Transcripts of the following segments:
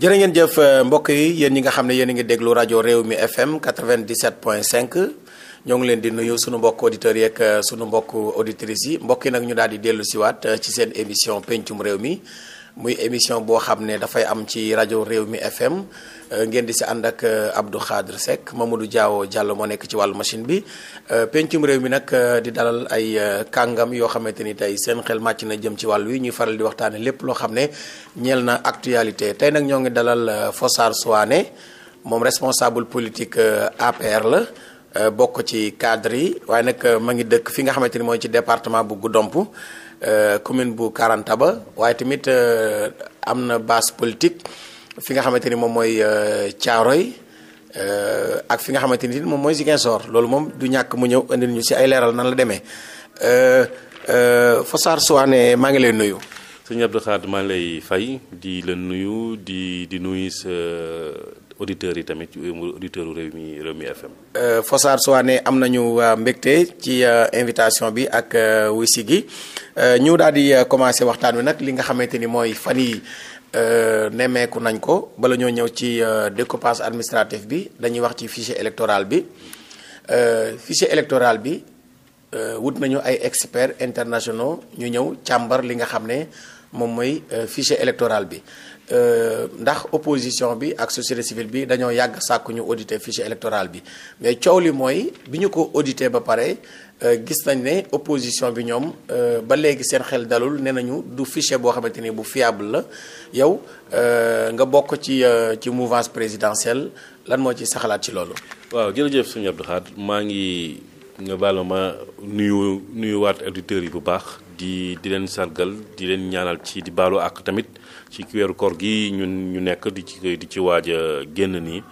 jërë ngeen jëf euh, mbokk yi yéen ñi nga xam ne yéen a ngi déglu rajo réew mi FM 97.5 ñoo ngi leen di nuyu suñu mbokk auditeurs yeeg euh, suñu mbokk auditrices yi mbokk yi nag ñu daal di dellu siwaat euh, ci seen émission pencum réew mi. muy émission boo xam ne dafay am ci rajo réew mi FM euh, ngeen di si ànd ak euh, Abdou Khadre Seck du jaawo Diallo moo nekk ci wàllu machine bi euh, pencum réew mi nag di dalal ay kàngam yoo xamante ni tey seen xel na jëm ci wàll wi ñuy faral di waxtaane lépp loo xam ne ñeel na actualité tey nag ñoo ngi dalal Fossar Souané moom responsable politique APR la bokk ci cadre yi waaye nag ma ngi dëkk fi nga xamante ni mooy ci département bu Goudomp Euh, commune bu Karantaba waaye tamit euh, am na base politique fi nga xamante ni moom mooy euh, Thiaroye ak fi nga xamante ni moom mooy Ziguinchor loolu moom du ñàkk mu ñëw indil ñu si ay leeral nan la demee Fossar Souane maa ngi lay nuyu. sëñ Abdou Khadre maa ngi lay fay di la nuyu di di nuyu sa. auditeurs yi tamit euh, auditeurs yu Rewmi Rewmi FM. Euh, Fossar Souane am nañu euh, mbégte ci invitation bi ak wisi gi ñu daal di commencé waxtaan wi nag li nga xamante ni mooy fan yi nemmeeku nañ ko bala ñoo ñëw ci découpage administratif bi dañuy wax ci fichier électoral bi fichier électoral bi wut nañu ay experts internationaux ñu ñëw càmbar li nga xam ne moom mooy fichier électoral bi. Euh, ndax opposition bi ak société civile bi dañoo yàgg sàkkuñu ñu audité fichier électoral bi mais coow li mooy bi ñu ko audité ba pare euh, gis nañ ne opposition bi ñoom euh, ba léegi seen xel dalul nee nañu du fichier boo xamante ni bu fiable la yow nga bokk ci ci mouvance présidentielle lan moo ci saxalaat ci loolu. waaw jërëjëf suñu Abdou Khadre maa ngi nga baal ma nuyu nuyuwaat auditeurs yi bu baax. di di leen sargal di leen ñaanal ci di baalu àq tamit ci weeru koor gi ñun ñu nekk di ci di ci waaj génn nii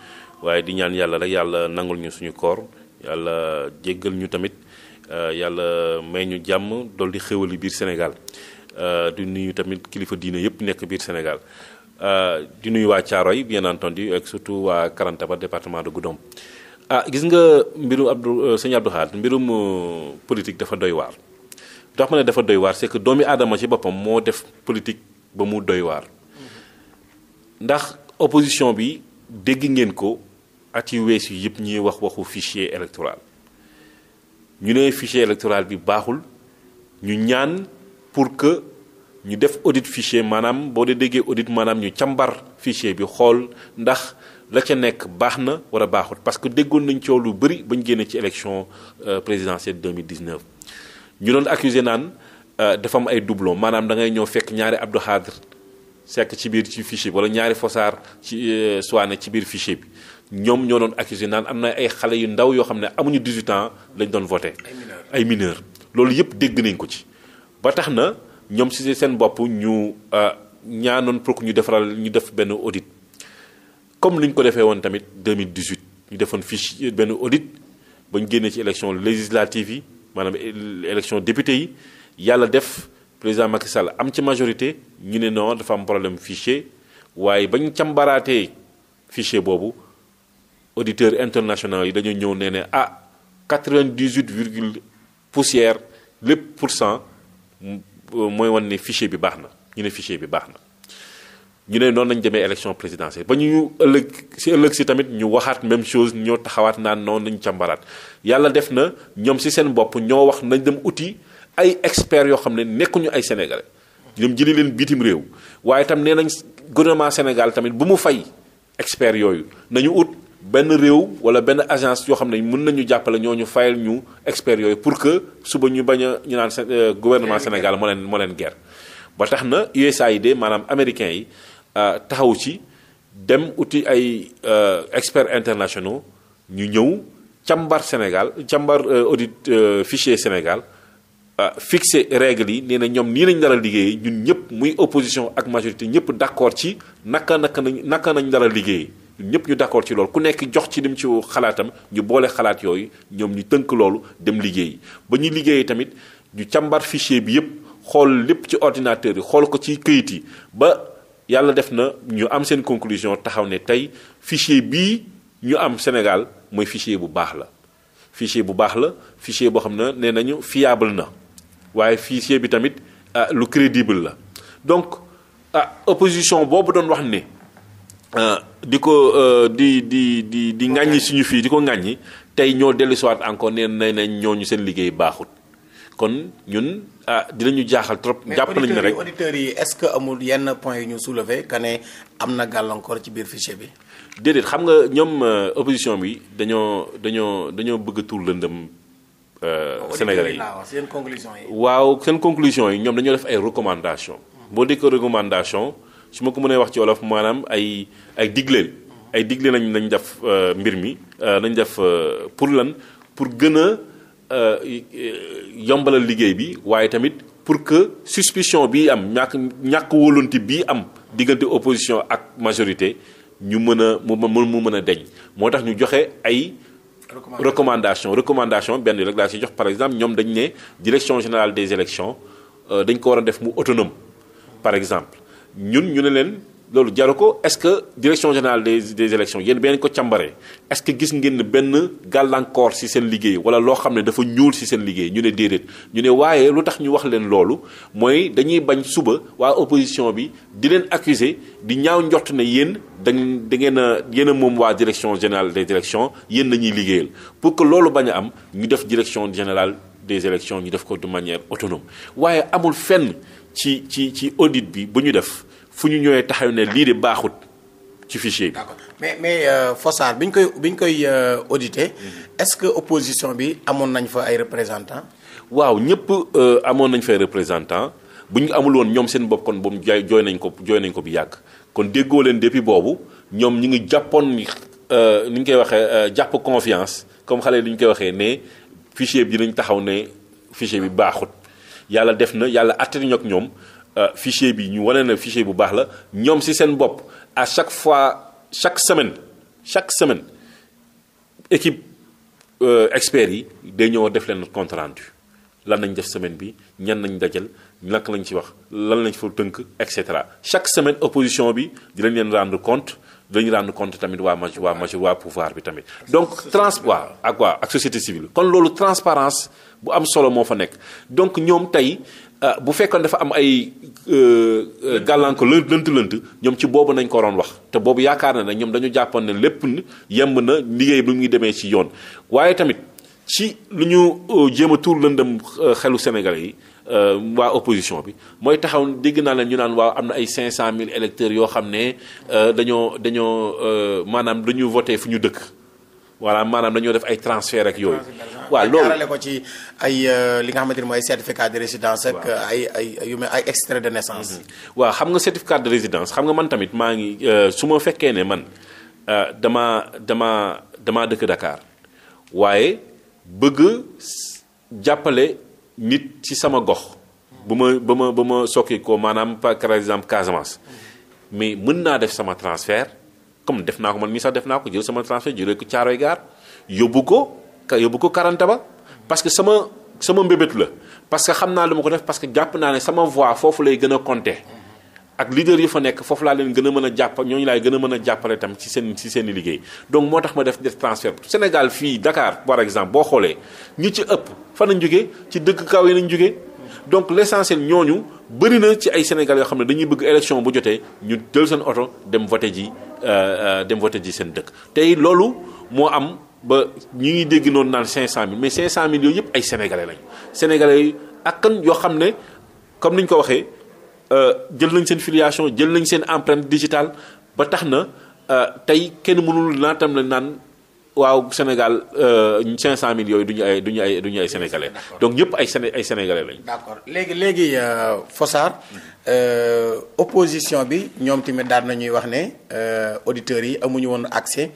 waaye di ñaan yàlla rek yàlla nangul ñu suñu koor yàlla jéggal ñu tamit euh, yàlla may ñu jàmm dool di xéwali biir Sénégal euh, di nuyu tamit kilifa diine yëpp nekk biir Sénégal euh, di nuyu waa Thiaroye bien entendu ak surtout waa Karantaba département de Goudomp ah gis nga mbirum Abdou sëñ Abdou Khadre mbirum politique dafa doy waar. tax ne dafa doy waar c'est que doomi aadama ci boppam moo def politique ba mu doy waar ndax opposition bi dégg ngeen ko at yu wees yi yëpp ñuy wax waxu fichier électoral ñu ne fichier électoral bi baaxul ñu ñaan pour que ñu def audit fichier maanaam boo dee déggee audit maanaam ñu cambar fichier bi xool ndax la ca nekk baax na wala baaxul parce que déggoon nañ coow lu bëri bañ génne ci élection euh, présidentielle 2019 ñu doon accusé naan euh, defam ay doublon maanaam da ngay ñëw fekk ñaari Abdou Khadre ci biir ci bi wala ñaari Fossard ci euh, Souané ci biir fichier bi ñoom ñoo doon accusé naan am na ay xale yu ndaw yoo xam ne amuñu 18 ans lañ doon voté. ay mineurs loolu yëpp dégg nañ ko ci. ba tax na ñoom si seen bopp ñu euh, ñaanoon pour que ñu defaral ñu def benn audit comme li ko defee woon tamit 2018 ñu defoon fiche benn audit ba ñu génnee ci élection législative yi. maanaam élection député yi yàlla def président Macky Sall am ci majorité ñu ne non dafa am problème fichier waaye ba ñu càmbaraatee fichier boobu auditeurs international yi dañoo ñëw nee ne ah 98 virgule poussière lépp pour cent mooy wan ni fichier bi baax na ñu ne fichier bi baax na. ñu ne noonu lañ demee élection présidentielle ba ñu ëllëg si ëllëg si tamit ñu waxaat même chose ñoo taxawaat naan noon nañ cambaraat yàlla def na ñoom si seen bopp ñoo wax nañ dem uti ay experts yoo xam ne nekkuñu ay sénégal ñoom jëli leen bitim réew waaye tam nee nañ gouvernement Sénégal tamit bu mu fay experts yooyu nañu ut benn réew wala benn agence yoo xam ne mun nañu jàppale ñoo ñu fayal ñu experts yooyu pour que suba ñu bañ a ñu naan euh, gouvernement Sénégal moo le moo leen guerre ba tax na USAID maanaam américain yi Euh, taxawu ci dem uti ay euh, experts internationaux ñu ñëw càmbar Sénégal càmbar euh, audit fichier Sénégal fixé règles yi nee na ñoom nii nañ dara liggéey ñun ñëpp muy opposition ak majorité ñëpp d'accord ci naka naka nañ naka nañ dara liggéey ñun ñëpp ñu d'accord ci lool ku nekk jox ci lim ci xalaatam ñu boole xalaat yooyu ñoom ñu tënk loolu dem liggéey ba ñu liggéeyee tamit ñu càmbar fichier bi yëpp xool lépp ci ordinateur yi xool ko ci këyit yi ba. yàlla def na ñu am seen conclusion taxaw ne tey fichier bii ñu am Sénégal mooy fichier bu baax la fichier bu baax la fichier boo xam ne nee nañu fiable na waaye fichier bi tamit ah, lu crédible la donc ah opposition boobu doon wax ne ah, di ko euh, di di di di ŋàññi suñu fii di ko ŋàññi tey ñoo dellu dellusiwaat encore nee nañ ñu seen liggéey baaxut kon ñun. ah ñu jaaxal trop. jàpp nañu ne rek mais yi est-ce que amul yenn point yu ñu soulever que ne am na gàllankoor ci biir fichier bi. déedéet xam nga ñoom euh, opposition bi dañoo dañoo dañoo bëgg a tuur lëndëm. Euh, Sénégalais yi seen conclusion yi. waaw seen conclusion yi ñoom dañoo def ay recommandation boo déggee recommandation su ma ko mënee wax ci olof maanaam ay ay digleel. ay digle nañ nañ def euh, mbir mi nañ def pour lan pour gën Euh, euh, yombalal liggéey bi waaye tamit pour que suspicion bi am ñàkk ñàkk wóolante bii am diggante opposition ak majorité ñu mën a mu mu mën a deñ moo tax ñu joxe ay recommandation recommandation benn rek laa ci jox par exemple ñoom dañ ne direction général des élections euh, dañ ko war a def mu autonome par exemple ñun ñu ne leen loolu jaru ko est-ce que direction générale des des élections yéen benn ko càmbaree est-ce que gis ngeen ne benn gàllankoor ci seen liggéey walla loo xam ne dafa ñuul ci seen liggéey ñu ne déedéet ñu ne waaye lu tax ñu wax leen loolu mooy dañuy bañ suba waa opposition bi di leen accuser di ñaaw njort ne yéen dañ da ngeen a moom waa direction générale des élections yéen nañuy liggéeyal pour que loolu bañ a am ñu def direction général des élections ñu def ko de manière autonome waaye amul fenn ci ci ci audit bi bu ñu def fu ñu ñëwee taxaw ne lii de baaxut ci fichier bi. mais mais euh, Fossard bi ñu koy bi koy euh, audité mhm. est-ce que opposition bi amoon nañ fa ay représentants. waaw ñëpp euh, amoon nañ fa représentant bu ñu amul woon ñoom seen bopp kon boobu jaay jooy nañ ko jooy nañ ko bu yàgg kon déggoo leen depuis boobu ñoom ñu ngi jàppoon ni euh, ñu koy waxee euh, jàpp confiance comme xale li ñu koy waxee ne fichier bi dinañ taxaw ne fichier bi baaxut yàlla def na yàlla àtte nañu ak ñoom. Euh, fichier bi ñu wane na fichier bu baax la ñoom ci seen bopp à chaque fois chaque semaine chaque semaine équipe euh, experts yi day ñëw def leen compte rendu lan nañ def semaine bi ñan nañ dajal nakk nañ ci wax lan lañ fa tënk et cetera chaque semaine opposition bi dinañ leen rendre compte dinañ rendre compte tamit waa maj waa waa pouvoir bi tamit donc transport ak waa ak société civile kon loolu transparence bu am solo moo fa nekk donc ñoom tey Euh, bu fekkoon dafa am ay euh, euh, gàllanko lënt lënt ñoom ci boobu nañ ko doon wax te boobu yaakaar na ne ñoom dañu jàppoon ne lépp yemb na liggéey bi mu ngi demee ci yoon waaye tamit ci lu ñu jéem a tuur lëndam xelu Sénégalais yi waa opposition bi mooy taxaw dégg naa leen ñu naan waaw am na ay cent 500000 électeurs yoo xam ne dañoo dañoo maanaam dañu voté fu ñu dëkk. voilà maanaam dañoo def ay transfert ak yooyu. waaw loolu jaarale ci ay euh, li nga xamante ni mooy certificat de résidence ak. ay ay yu mel ay extrait de naissance. Mhm. waa xam nga certificat de résidence xam nga man tamit maa ngi euh, su ma fekkee ne man euh, dama dama damaa dëkk Dakar waaye bëgg jàppale nit ci sama gox. bu ma ba ma ba ma sokki maanaam par exemple Casamance mhm. mais mën naa def sama transfert. comme def naa ko man mii sax def naa ko jël sama transfert jëlee ko Caaroy Gaar yóbbu ko yóbbu Karanta ba parce que sama sama la parce xam naa lu ma ko def parce que jàpp naa ne sama voix foofu lay gën a compter ak leader yi fa nekk foofu laa leen gën a mën a jàpp ñooñu laay gën a mën a jàppale tam ci seen ci seen i liggéey donc moo tax ma def def transfert Sénégal fii Dakar par exemple boo xoolee ñi ci ëpp fan a jógee ci dëkk kaw yi nañ jógee donc l'essentiel ñooñu. bëri na ci ay Sénégal yoo xam ne dañuy bëgg élection bu jotee ñu jël seen oto dem voté ji euh, euh, dem voté ji seen dëkk tey loolu moo am ba ñu ngi dégg noonu naan 500000 mais 500000 yooyu yëpp ay sénégalais lañu sénégalais yi ak kan yoo xam ne comme niñ ko waxee euh, jël nañ seen filiation jël nañ seen empreinte digitale ba tax na tey kenn mënul tam la naan. waaw Sénégal 500000 euh, yooyu du ñu ay du ñu ay du ñu ay sénégalais. donc ñëpp ay séné ay sénégalais lañu. d'accord léegi léegi euh, Fossar euh, opposition bi ñoom tamit daan ñuy wax ne auditeurs yi amuñu woon accès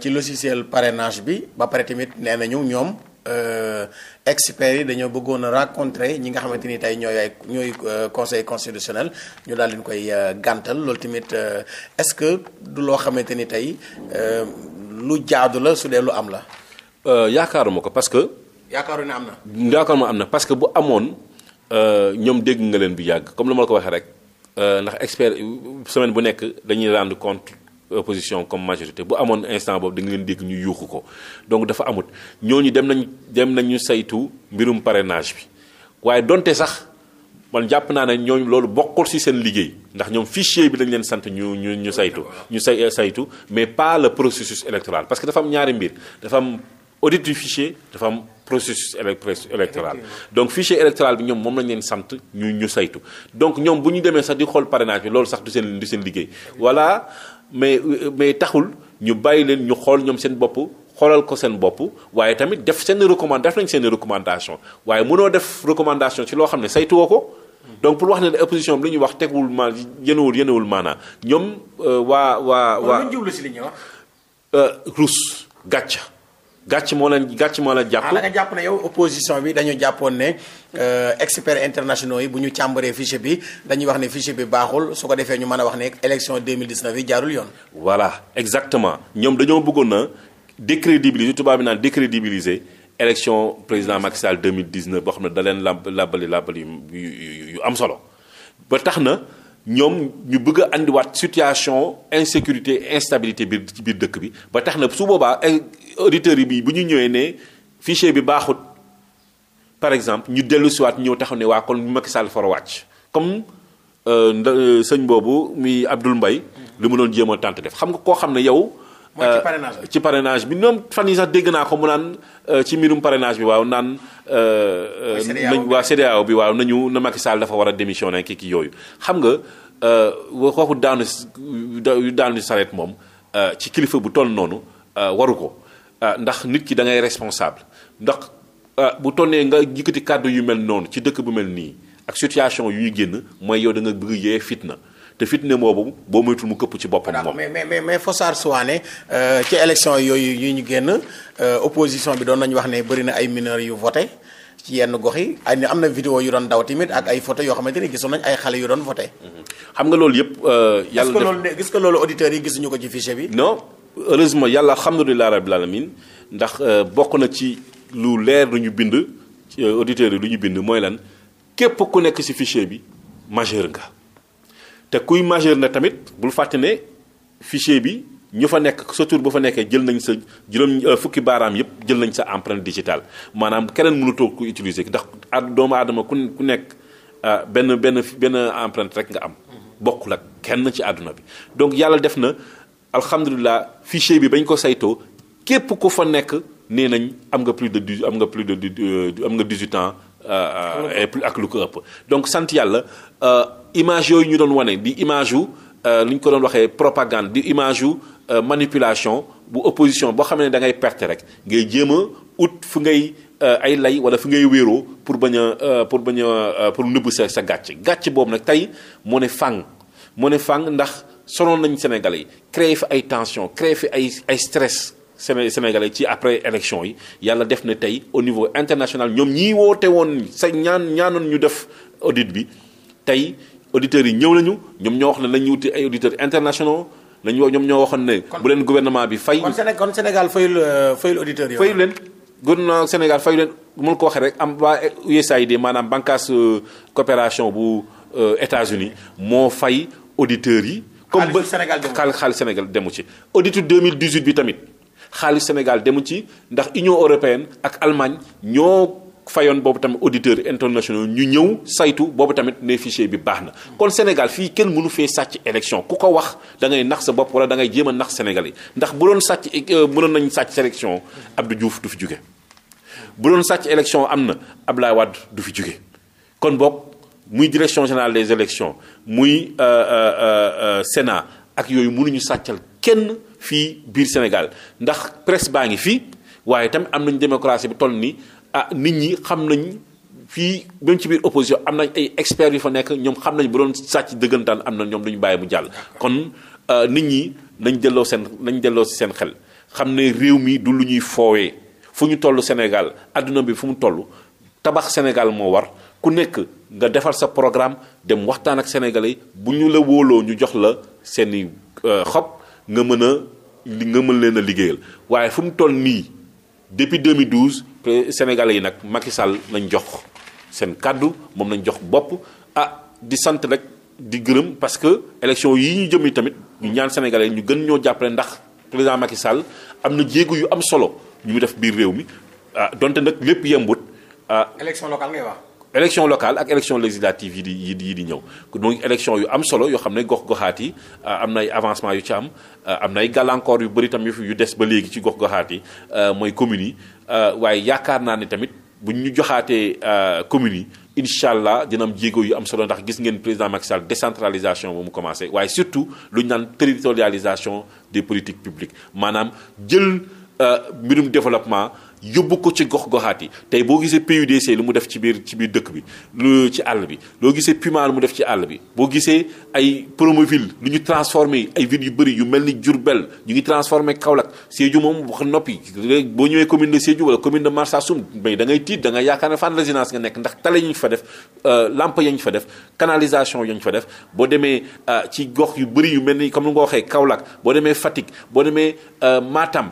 ci logiciel parrainage bi ba pare tamit nee nañu ñoom. experts yi dañoo bëggoon a ñi nga xamante ni tey ñooy ay ñooy conseil constitutionnel ñu daal leen koy gàntal loolu tamit est-ce que du loo xamante ni tey lu jaadu la su dee lu am la. Euh, yaakaaruma ko parce que. yaakaaru ne am na. yaakaaruma am na parce que bu amoon euh, ñoom dégg nga leen bu yàgg comme lu ma la ko waxee rek euh, ndax expert semaine bu nekk dañuy rendre compte position comme majorité bu amoon instant boobu da nga leen dégg ñu yuuxu ko donc dafa amut ñooñu dem nañ dem nañu saytu mbirum parrainage bi waaye donte sax. man jàpp naa ne ñooñu loolu bokkul ci seen liggéey ndax ñoom fichier bi lañ leen sant ñu ñu ñu saytu ñu say euh, saytu mais pas le processus électoral parce que dafa am ñaari mbir dafa am audit du fichier dafa am processus électoral donc fichier électoral bi ñoom moom lañ leen sant ñu ñu saytu donc ñoom bu ñu demee sax di xool pare parrainage bi loolu sax du seen du seen liggéey voilà mais euh, mais taxul ñu bàyyi leen ñu xool ñoom seen bopp xoolal ko seen bopp waaye tamit def seen recommande nañ seen recommandation waaye mënoo def recommandation ci loo xam ne saytuwoo ko donc pour wax ne ne opposition bi li ñuy wax teguwul ma yénewul yénewul maanaa ñoom euh, waa waa waa jublu si li ñuy wax euh, rus gàcc moo leen gàcc moo leen jàpp. ah jàpp ne yow opposition bi dañu jàppoon ne euh, experts internationaux yi bu ñu càmbaree fichier bi dañuy wax ne fichier bi baaxul su ko defee ñu mën a wax ne élection 2019 yi jaarul yoon. voilà exactement ñoom dañoo bëggoon na décrédibiliser tubaab bi naan décrédibiliser. élection président Macky Sall 2019 boo xam ne da leen làmb làbbali làbbali yu am solo ba tax na ñoom ñu bëgg a andiwaat situation insécurité instabilité biir ci biir dëkk bi ba tax na su boobaa eh, auditeurs yi bi bu ñu ñëwee ne fichier bi baaxut par exemple ñu dellu siwaat ñëw taxaw ne waa kon Macky Sall wàcc comme euh, euh, sëñ boobu muy Abdoul mbay lu mu doon jéem a tànt def xam nga koo xam ne yow mooy ci euh, parrainage bi ci parrainage bi ñoom fan yi sax dégg naa ko mu naan euh, ci mbirum parrainage bi waaw naan. Euh, nañ waa CEDEAO bi waaw nañu na Macky Sall dafa war a démissionner kii kii yooyu. xam nga waxu daanu daanu sareet moom ci kilifa bu toll noonu waru ko ndax nit ki da ngay responsable ndax bu nee nga yëkkati kàddu yu mel noonu ci dëkk bu mel nii ak situation yuy génn mooy yow da nga bëgg yee fitna. te fitne boobu boo muy moytul mu këpp ci boppam. moom mais mais mais Fossar Souané euh, ci élection yooyu yi ñu génn euh, opposition bi doon nañu wax ne bëri na ay mineurs yu vote ci yenn gox yi ay ni am na vidéo yu doon daw tamit ak ay photo yoo xamante ni gisoon nañ ay xale yu doon voté. Mm-hmm. xam nga loolu yëpp. Euh, yàlla def loolu gis nga loolu auditeurs yi gisuñu ko ci fichier bi. non heureusement yàlla alhamdulilah rabbil alamin ndax bokk na ci lu leer lu ñu bind auditeurs yi lu ñu bind mooy lan képp ku nekk ci fichier bi majeur nga. te kuy majeur na tamit bul fàtte ne bi ñu fa nekk sa tur ba fa nekkee jël nañ sa juróom euh, fukki baaraam yépp jël nañ sa empreinte digitale maanaam keneen mënutoo ku utiliser ndax doomu aadama ku ku nekk euh, benn benn benn empreinte rek nga am. bokk ak kenn ci àdduna bi donc yàlla def na alhamdulilah fichier bi bañ ko saytoo képp ku fa nekk nee nañ am nga plus de du am nga plus de du euh, am nga 18 ans. Euh, euh, ak lu ko ëpp donc sant yàlla euh, image yooyu ñu doon wane di image yu li ñu ko doon waxee propagande di image yu manipulation bu opposition boo xam ne da ngay perte rek ngay jéem a ut fu ngay ay lay wala fu ngay wéeroo pour bañ a pour bañ a pour nëbb sa sa gàcc gàcc boobu nag tey moo ne fàng moo ne fàng ndax sonoon nañ Sénégalais yi créé fi ay tension créé fi ay ay stress Sénégalais ci après élection yi yàlla def na tey au niveau international ñoom ñii woote woon sa ñaan ñaanoon ñu def audit bi tey auditeurs yi ñëw nañu ñoom ñoo wax ne nañu wuti ay auditeurs lañu nañu ñoom ñoo waxoon ne. bu leen gouvernement bi fay. kon Sénégal fayul euh, fayul auditeurs yi. fayu leen gouvernement Sénégal fayu leen mën ko waxee rek am waa USAID maanaam bànqaas euh, coopération bu euh, États-Unis moo fay auditeurs yi. comme ba xaalis Sénégal demu ci auditu 2018 bi tamit. xaalis Sénégal demu ci ndax Union européenne ak Allemagne ñoo fayoon boobu tamit auditeurs internationaux ñu ñëw saytu boobu tamit ne fichier bi baax na kon Sénégal fii kenn mënu fee sàcc élection ku ko wax da ngay nax sa bopp wala dangay ngay jéem a nax ndax bu doon sàcc eh, mënoon nañ sàcc sélection Abdou Diouf du fi jóge bu doon sàcc élection am na Abdoulaye Wade du fi jóge kon boog muy direction générale des élections muy euh, euh, euh, Sénat ak yooyu mënuñu sàccal kenn fii biir Sénégal ndax presse baa ngi fii waaye itam am nañ démocratie bi toll nii ah nit ñi xam nañ fii même ci biir opposition am nañ ay experts yu fa nekk ñoom xam nañ bu doon sàcc dëggantaan am na ñoom duñu bàyyi mu jàll. kon euh, nit ñi nañ delloo seen nañ delloo si seen xel xam ne réew mi du lu ñuy foowee fu ñu toll Sénégal àdduna bi fu mu toll tabax Sénégal moo war. ku nekk nga defar sa programme dem waxtaan ak sénégalais bu ñu la wóoloo ñu jox la seeni euh, nga mën a li nga mën leen a liggéeyal waaye fu mu toll nii depuis 2012 Sénégalais yi nag Macky Sall nañ jox seen kàddu moom nañ jox bopp ah di sant rek di gërëm parce que élection yi ñu jëm yi tamit ñu ñaan Sénégalais ñu gën ñoo jàppale ndax président Macky Sall am na jéego yu am solo ñu mu def biir réew mi ah donte nag lépp yembut ah. élection locale ngay wax. élection locale ak élection législative yi di di ñëw donc élection yu am solo yoo xam ne gox-goxaat yi euh, am na avancement yu ci am euh, am na ay gàllankoor yu bari tam yu des ba léegi ci gox-goxaat yi euh, mooy communes yi waaye yaakaar naa ne tamit bu ñu joxaatee communes yi incha allah dina am jéego yu am solo ndax gis ngeen président Macky Sall décentralisation ba mu commencé waaye surtout lu ñu naan territorialisation des politiques publiques maanaam jël mbirum développement. yóbbu ko ci gox goxaat yi tey boo gisee PUDC lu mu def ci biir ci biir dëkk bi lu ci àll bi loo gisee Puma lu mu def ci àll bi boo gisee ay Promoville lu ñu transformé ay villes yu bëri yu mel ni Diourbel ñu ngi transformé Kaolack Sédhiou moom wax noppi boo ñëwee commune de Sédhiou wala commune de Marsassoum mais da ngay tiit da ngay yaakaar ne fan résidence nga nekk ndax tale ñu fa def euh, làmp ya ñu fa def canalisation ya ñu fa def boo demee euh, ci gox yu bëri yu mel ni comme ni nga waxee Kaolack boo demee Fatick boo demee euh, Matam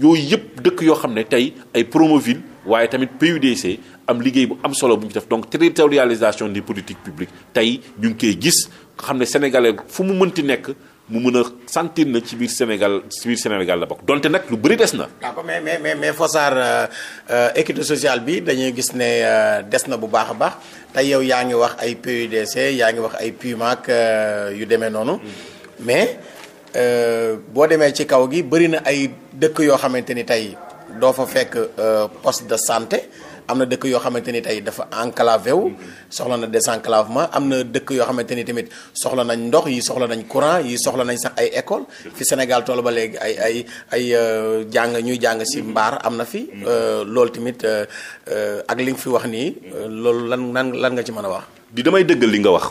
yooyu yëpp dëkk yoo xam ne tey ay Promoville waaye tamit PUDC am liggéey bu am solo bu ñu def donc tritorialisation des politiques publiques tey ñu ngi koy gis xam ne sénégalais fu mu mënti nekk mu mën a sentir na ci biir Sénégal ci biir Sénégal la bokk donte nag lu bëri des na. waaw mais mais mais mais Fossar euh, euh, sociale bi dañuy gis ne euh, des na bu baax a baax tey yow yaa ngi wax ay PUDC yaa ngi wax ay PUMAC yu demee noonu mm. mais. Euh, boo demee ci kaw gi bëri na ay dëkk yoo xamante ni tey doo fa fekk euh, poste de santé am na dëkk yoo xamante ni tey dafa enclavé wu soxla na désenclavement am na dëkk yoo xamante ni tamit soxla nañ ndox yi soxla nañ courant yi soxla nañ sax ay école fi Sénégal toll ba léegi ay ay ay euh, jàng ñuy jàng si mbaar am na fi. loolu tamit ak li nga fi wax nii. loolu lan lan lan nga ci mën a wax. di damay dëgg li nga wax.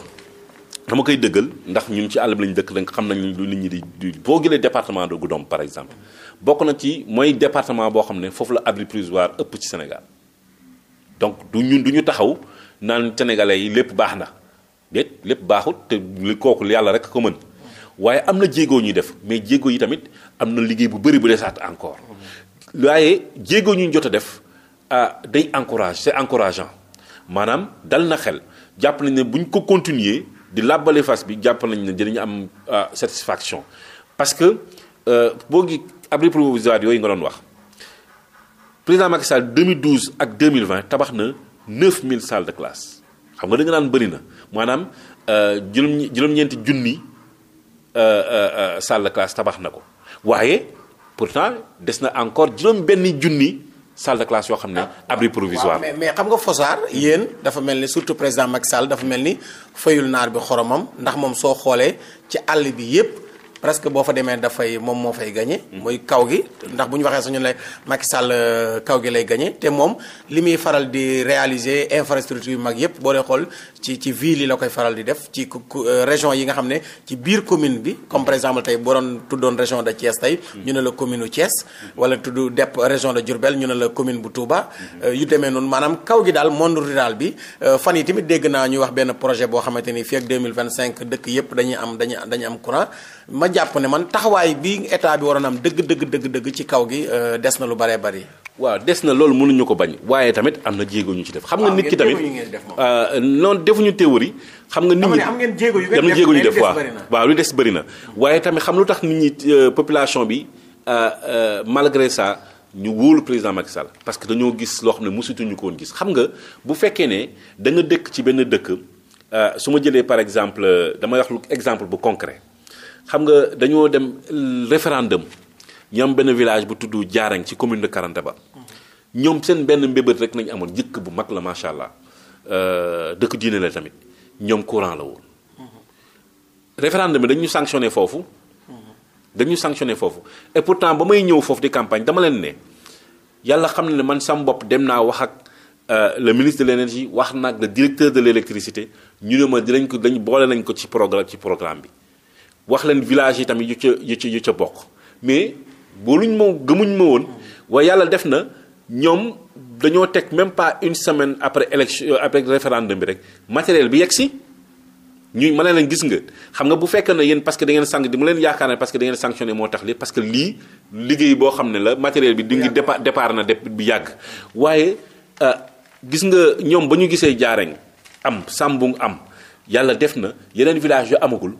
dama koy dëggal ndax ñu ñun ci àll bi lañ dëkk danga xam nañ lu nit ñu di boo jëlee département de Goudomp par exemple bokk na ci mooy département boo xam ne foofu la abri provisoire ëpp ci senegal donc du ñun du ñu taxaw naan sénégalais yi lépp baax na lépp baaxut te li kooku yàlla rek ko mën waaye am na jéego ñuy def mais jéego yi tamit am na liggéey bu bëri bu desaat encore waaye jéego ñu jot a def ah day encourage c'est encourageant maanaam dal na xel jàpp nañ ne bu ko continuer di làbbali fas bi jàpp nañ ne dinañu am euh, satisfaction parce que euh, boo gi abri provisoire yooyu nga doon wax président Macky Sall 2012 ak 2020 tabax na 9000 salles de classe xam nga da nga naan bëri na maanaam euh, juróom juróom-ñeenti junni salle de classe tabax na ko waaye pourtant des na encore juróom benn junni salle de classe yoo xam ne ah. abri provisoire mais mais xam nga Fossar yéen dafa mel ni surtout président Macky Sall dafa mel ni fayul naar bi xoromam ndax moom soo xoolee ci àll bi yépp presque boo fa demee dafay moom moo fay gagné. Mm. mooy kaw gi ndax bu ñu waxee sax ñu ne Macky Sall euh, kaw gi lay gagné te moom li muy faral di réaliser infrastructure yu mag yëpp boo dee xool ci ci ville yi la koy faral di def ci euh, région yi nga xam ne ci biir commune bi comme par exemple tey boo doon doon région de Thiès tey. Mm. ñu ne la commune u Thiès. wala tudd depp région de Diourbel ñu ne la commune bu Touba. Mm-hmm. Euh, yu demee noonu maanaam kaw gi daal monde rural bi fan yi tamit dégg naa ñu wax benn projet boo xamante ni fii ak 2025 dëkk yëpp dañuy am dañuy dañuy am courant. ma jàpp ne man taxawaay bii état bi waroon am dëgg dëgg dëgg dëgg ci kaw gi euh, des na lu bëree bari waaw des na loolu mënuñu ko bañ waaye tamit am na jéego ñu ci def. xam nga nit ki tamit euh, non defuñu théorie. xam nga nit ñi am ngeen jéego yu ngeen def waaw waaw lu des bëri na. waaye tamit xam lu tax nit ñi euh, population bi malgré ça ñu wóolu président Macky Sall parce que dañoo gis loo xam ne mosutuñu ko woon gis xam nga bu fekkee ne da dëkk ci benn dëkk su ma jëlee par exemple damay wax lu exemple bu concret xam nga dañoo dem référendum ñoom benn village bu tudd Diareng ci commune de ba ñoom seen benn mbébét rek nañ amoon jëkk bu mag la macha allah euh, dëkk diine la tamit ñoom courant la woon. référendum bi dañu sanctionné foofu. dañu sanctionné foofu et pourtant ba may ñëw foofu di campagne dama leen ne yàlla xam na ne man sam bopp dem naa wax ak. Euh, le ministre de l'énergie wax nag le directeur de l'électricité ñu ne ma dinañ ko dañ boole nañ ko ci programme ci programme bi wax leen village yi tamit yu ca yu ca yu ca bokk mais booluñ moo gëmuñ ma woon waaye yàlla def na ñoom dañoo teg même pas une semaine après élection euh, après référendum bi rek matériel bi yegg si ñu ma ne leen gis nga xam nga bu fekkee ne yéen parce que da ngeen sànq di mu leen yaakaar ne parce que da moo tax li parce que lii liggéey boo xam ne la matériel bi di ngi départ départ na bi yàgg waaye euh, gis nga ñoom ba ñu gisee jaareñ am sàmbung am yàlla def na yeneen village yu amagul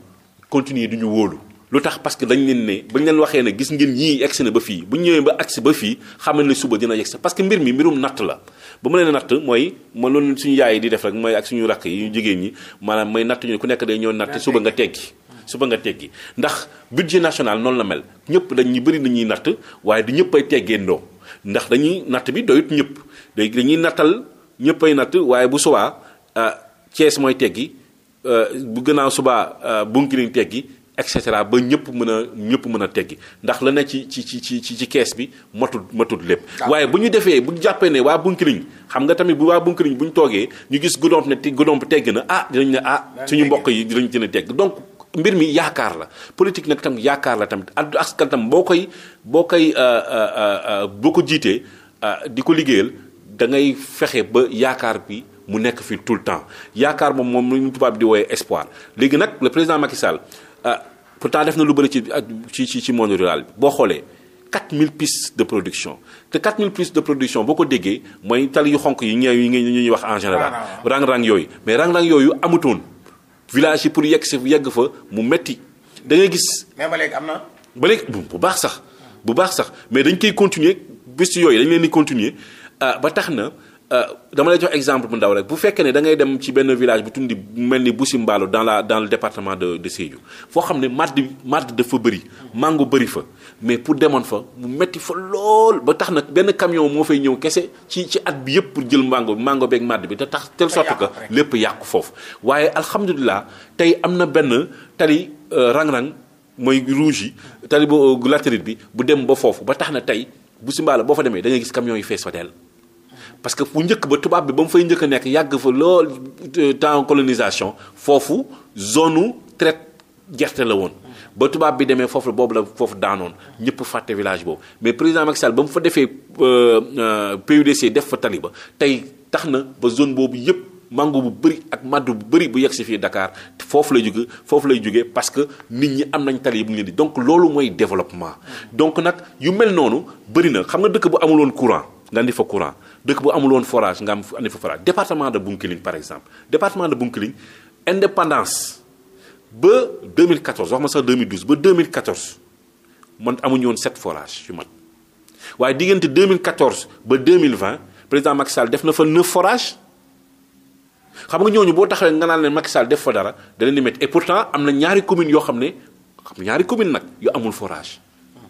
continuer du ñu wóolu lu tax parce que dañ leen ne bañ leen waxee ne gis ngeen yii egsi na ba fii bu ñëwee ba agsi ba fii xamal ne suba dina yegsi parce que mbir mi mbirum natt la ba mu leen natt mooy ma loolu suñu yaay di def rek mooy ak suñu rakk yi jigéen ñi maanaam may natt ñu ne nekk day ñëw natt suba nga teggi suba nga teggi ndax budget national noonu la mel ñëpp dañ ñu bëri nañuy natt waaye du ñëpp ay teggeendoo ndax dañuy natt bi doyut ñëpp day dañuy nattal ñëpp ay natt waaye bu subaa ah, Thiès mooy teggi bu gënaaw subaa euh, bunkiliñ teggi et cetera ba ñëpp mën a ñëpp mën a teggi ndax la ne ci ci ci ci ci kees bi matul matul lépp waaye bu ñu defee bu jàppee ne waa bunkiliñ xam nga tamit bu waa bunkiliñ bu ñu toogee ñu gis gudomp ne gudomp tegg na ah dinañ ne ah suñu mbokk yi dinañ gën a tegg donc mbir mi yaakaar la politique nag tam yaakaar la tamit addu askan tam boo koy boo koy euh, euh, boo ko jiitee di ko liggéeyal da ngay fexe ba yaakaar bi mu nekk fi tout le temps yaakaar moom moom lu ñu tubaab di wooyee espoir léegi nag le président Macky Sall euh, pourtant def na lu bëri ci ci ci ci monde rural bi boo xoolee 4000 pistes de production te 4000 pistes de production boo ko déggee mooy tali yu xonk yi ñëw yi ñuy wax en général. rang-rang yooyu mais rang-rang yooyu amutoon village yi pour yegg si yegg fa mu metti da gis. mais ba léegi am na. ba léegi bu baax sax. bu baax sax mais dañ koy continuer bés yooyu dañ leen di continuer euh, ba tax na. Euh, dama lay jox exemple bu ndaw rek bu fekkee ne da ngay dem ci benn village bu tundi mel ni Bussi Mballo dans la dans le département de de foo xam ne màdd madd dafa bëri mango bëri fa mais pour demoon fa mu metti fa lool ba tax nag benn camion moo fay ñëw kese ci ci at yëpp pour jël mango mango beeg madd bi te tax telle sorte que lépp yàqu foofu waaye alhamdulilah tey am na benn tali euh, rang mooy rouge yi tali bu euh, latérite bi bu dem ba foofu ba tax na tey Bussi Mballo boo fa demee da ngay gis camion yi fees fa dell parce que bu njëkk ba tubaab bi ba mu fay njëkk nekk yàgg fa lool euh, temps colonisation foofu zone trait gerte la woon. ba tubaab bi demee foofu boobu la foofu daanoon ñëpp fàtte village boobu mais président Macky Sall ba mu fa defee euh, euh, PUDC def fa ba tey tax na ba zone boobu yëpp. mango bu bëri ak màddu bu bëri bu yegg si fii Dakar foofu lay jóge foofu lay jógee parce que nit ñi am nañ tali yi bu ñu donc loolu mooy développement donc nag yu mel noonu bëri na xam nga dëkk bu amul woon courant nga andi fa courant dëkk bu amul woon forage nga am andi fa forage département de Bounkiling par exemple département de Bounkiling indépendance ba 2014 wax ma sax 2012 ba 2014 man amuñu woon sept forage yu mat waaye diggante 2014 ba 2020 président Macky Sall def na fa neuf forage xam nga ñu boo taxawee nga naan leen Macky Sall def fa dara da leen di et pourtant am na ñaari communes yoo xam ne xam ñaari commune nag yu amul forage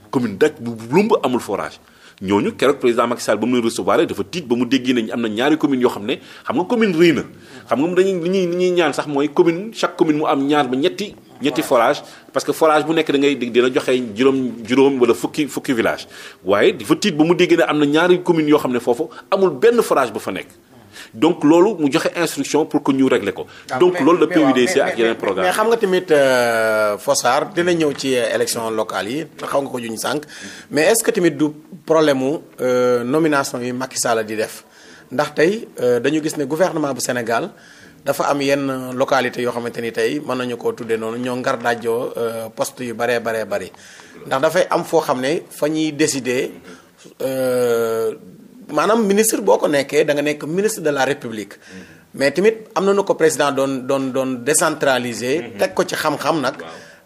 commune daj bu lumb amul forage ñooñu keroog président Macky Sall ba mu leen recevoir dafa tiit ba mu déggee nañ am na ñaari communes yoo xam ne xam nga commune rëy na xam nga dañuy li ñuy ñaan sax mooy commune chaque commune mu am ñaar ba ñetti ñetti forage parce que forage bu nekk da ngay dina joxe juróom juróom wala fukki fukki village waaye dafa tiit ba mu déggee am na ñaari commune yoo xam ne foofu amul benn forage ba fa nekk donc loolu mu joxe instruction pour que ñu régler ko. Ah, donc loolu la PUDC ak yeneen programme mais xam nga tamit euh, Fossar dina ñëw ci euh, élection locale yi xaw nga ko juñ sànq mais est-ce que tamit du problème mu euh, nomination yi Macky Sall di def ndax tey dañu gis ne gouvernement bu Sénégal. dafa am yenn localité yoo xamante ni tey mën nañu ko tuddee noonu ñoo ngar daajoo post yu baree baree bari ndax dafay am foo xam ne fa ñuy décider maanaam ministre boo ko nekkee da nga nekk ministre de la république. mais tamit am na nu ko président doon doon doon décentraliser. Mhm. teg ko ci xam-xam nag.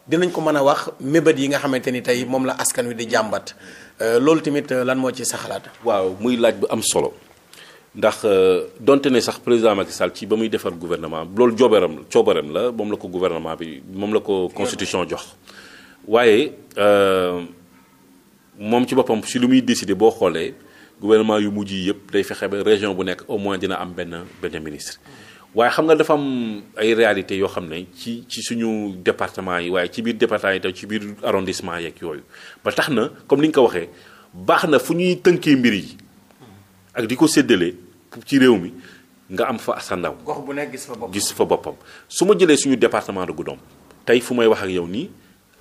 dinañ ko mën a wax mébét yi nga xamante ni tey moom la askan wi di jàmbat. Euh, loolu tamit euh, lan moo ci sa waaw muy laaj bu am solo. ndax euh, donte ne sax président Macky Sall ci ba muy defar gouvernement loolu joobeeram coobareem la moom la ko gouvernement bi moom la ko constitution jox. waaye moom ci boppam si lu muy décidé boo xoolee gouvernement yu mujj yi yëpp day fexe ba région bu nekk au moins dina am benn benn ministre waaye xam nga dafa am ay réalité yoo xam ne ci ci suñu département yi waaye ci biir département yi te ci biir arrondissement yeeg yooyu ba tax na comme ni nga ko waxee baax na fu ñuy tënkee mbir yi ak di ko séddalee ci réew mi nga am fa sa ndaw. gox bu nekk gis fa boppam fa boppam su ma jëlee suñu département de Goudomp tey fu may wax ak yow nii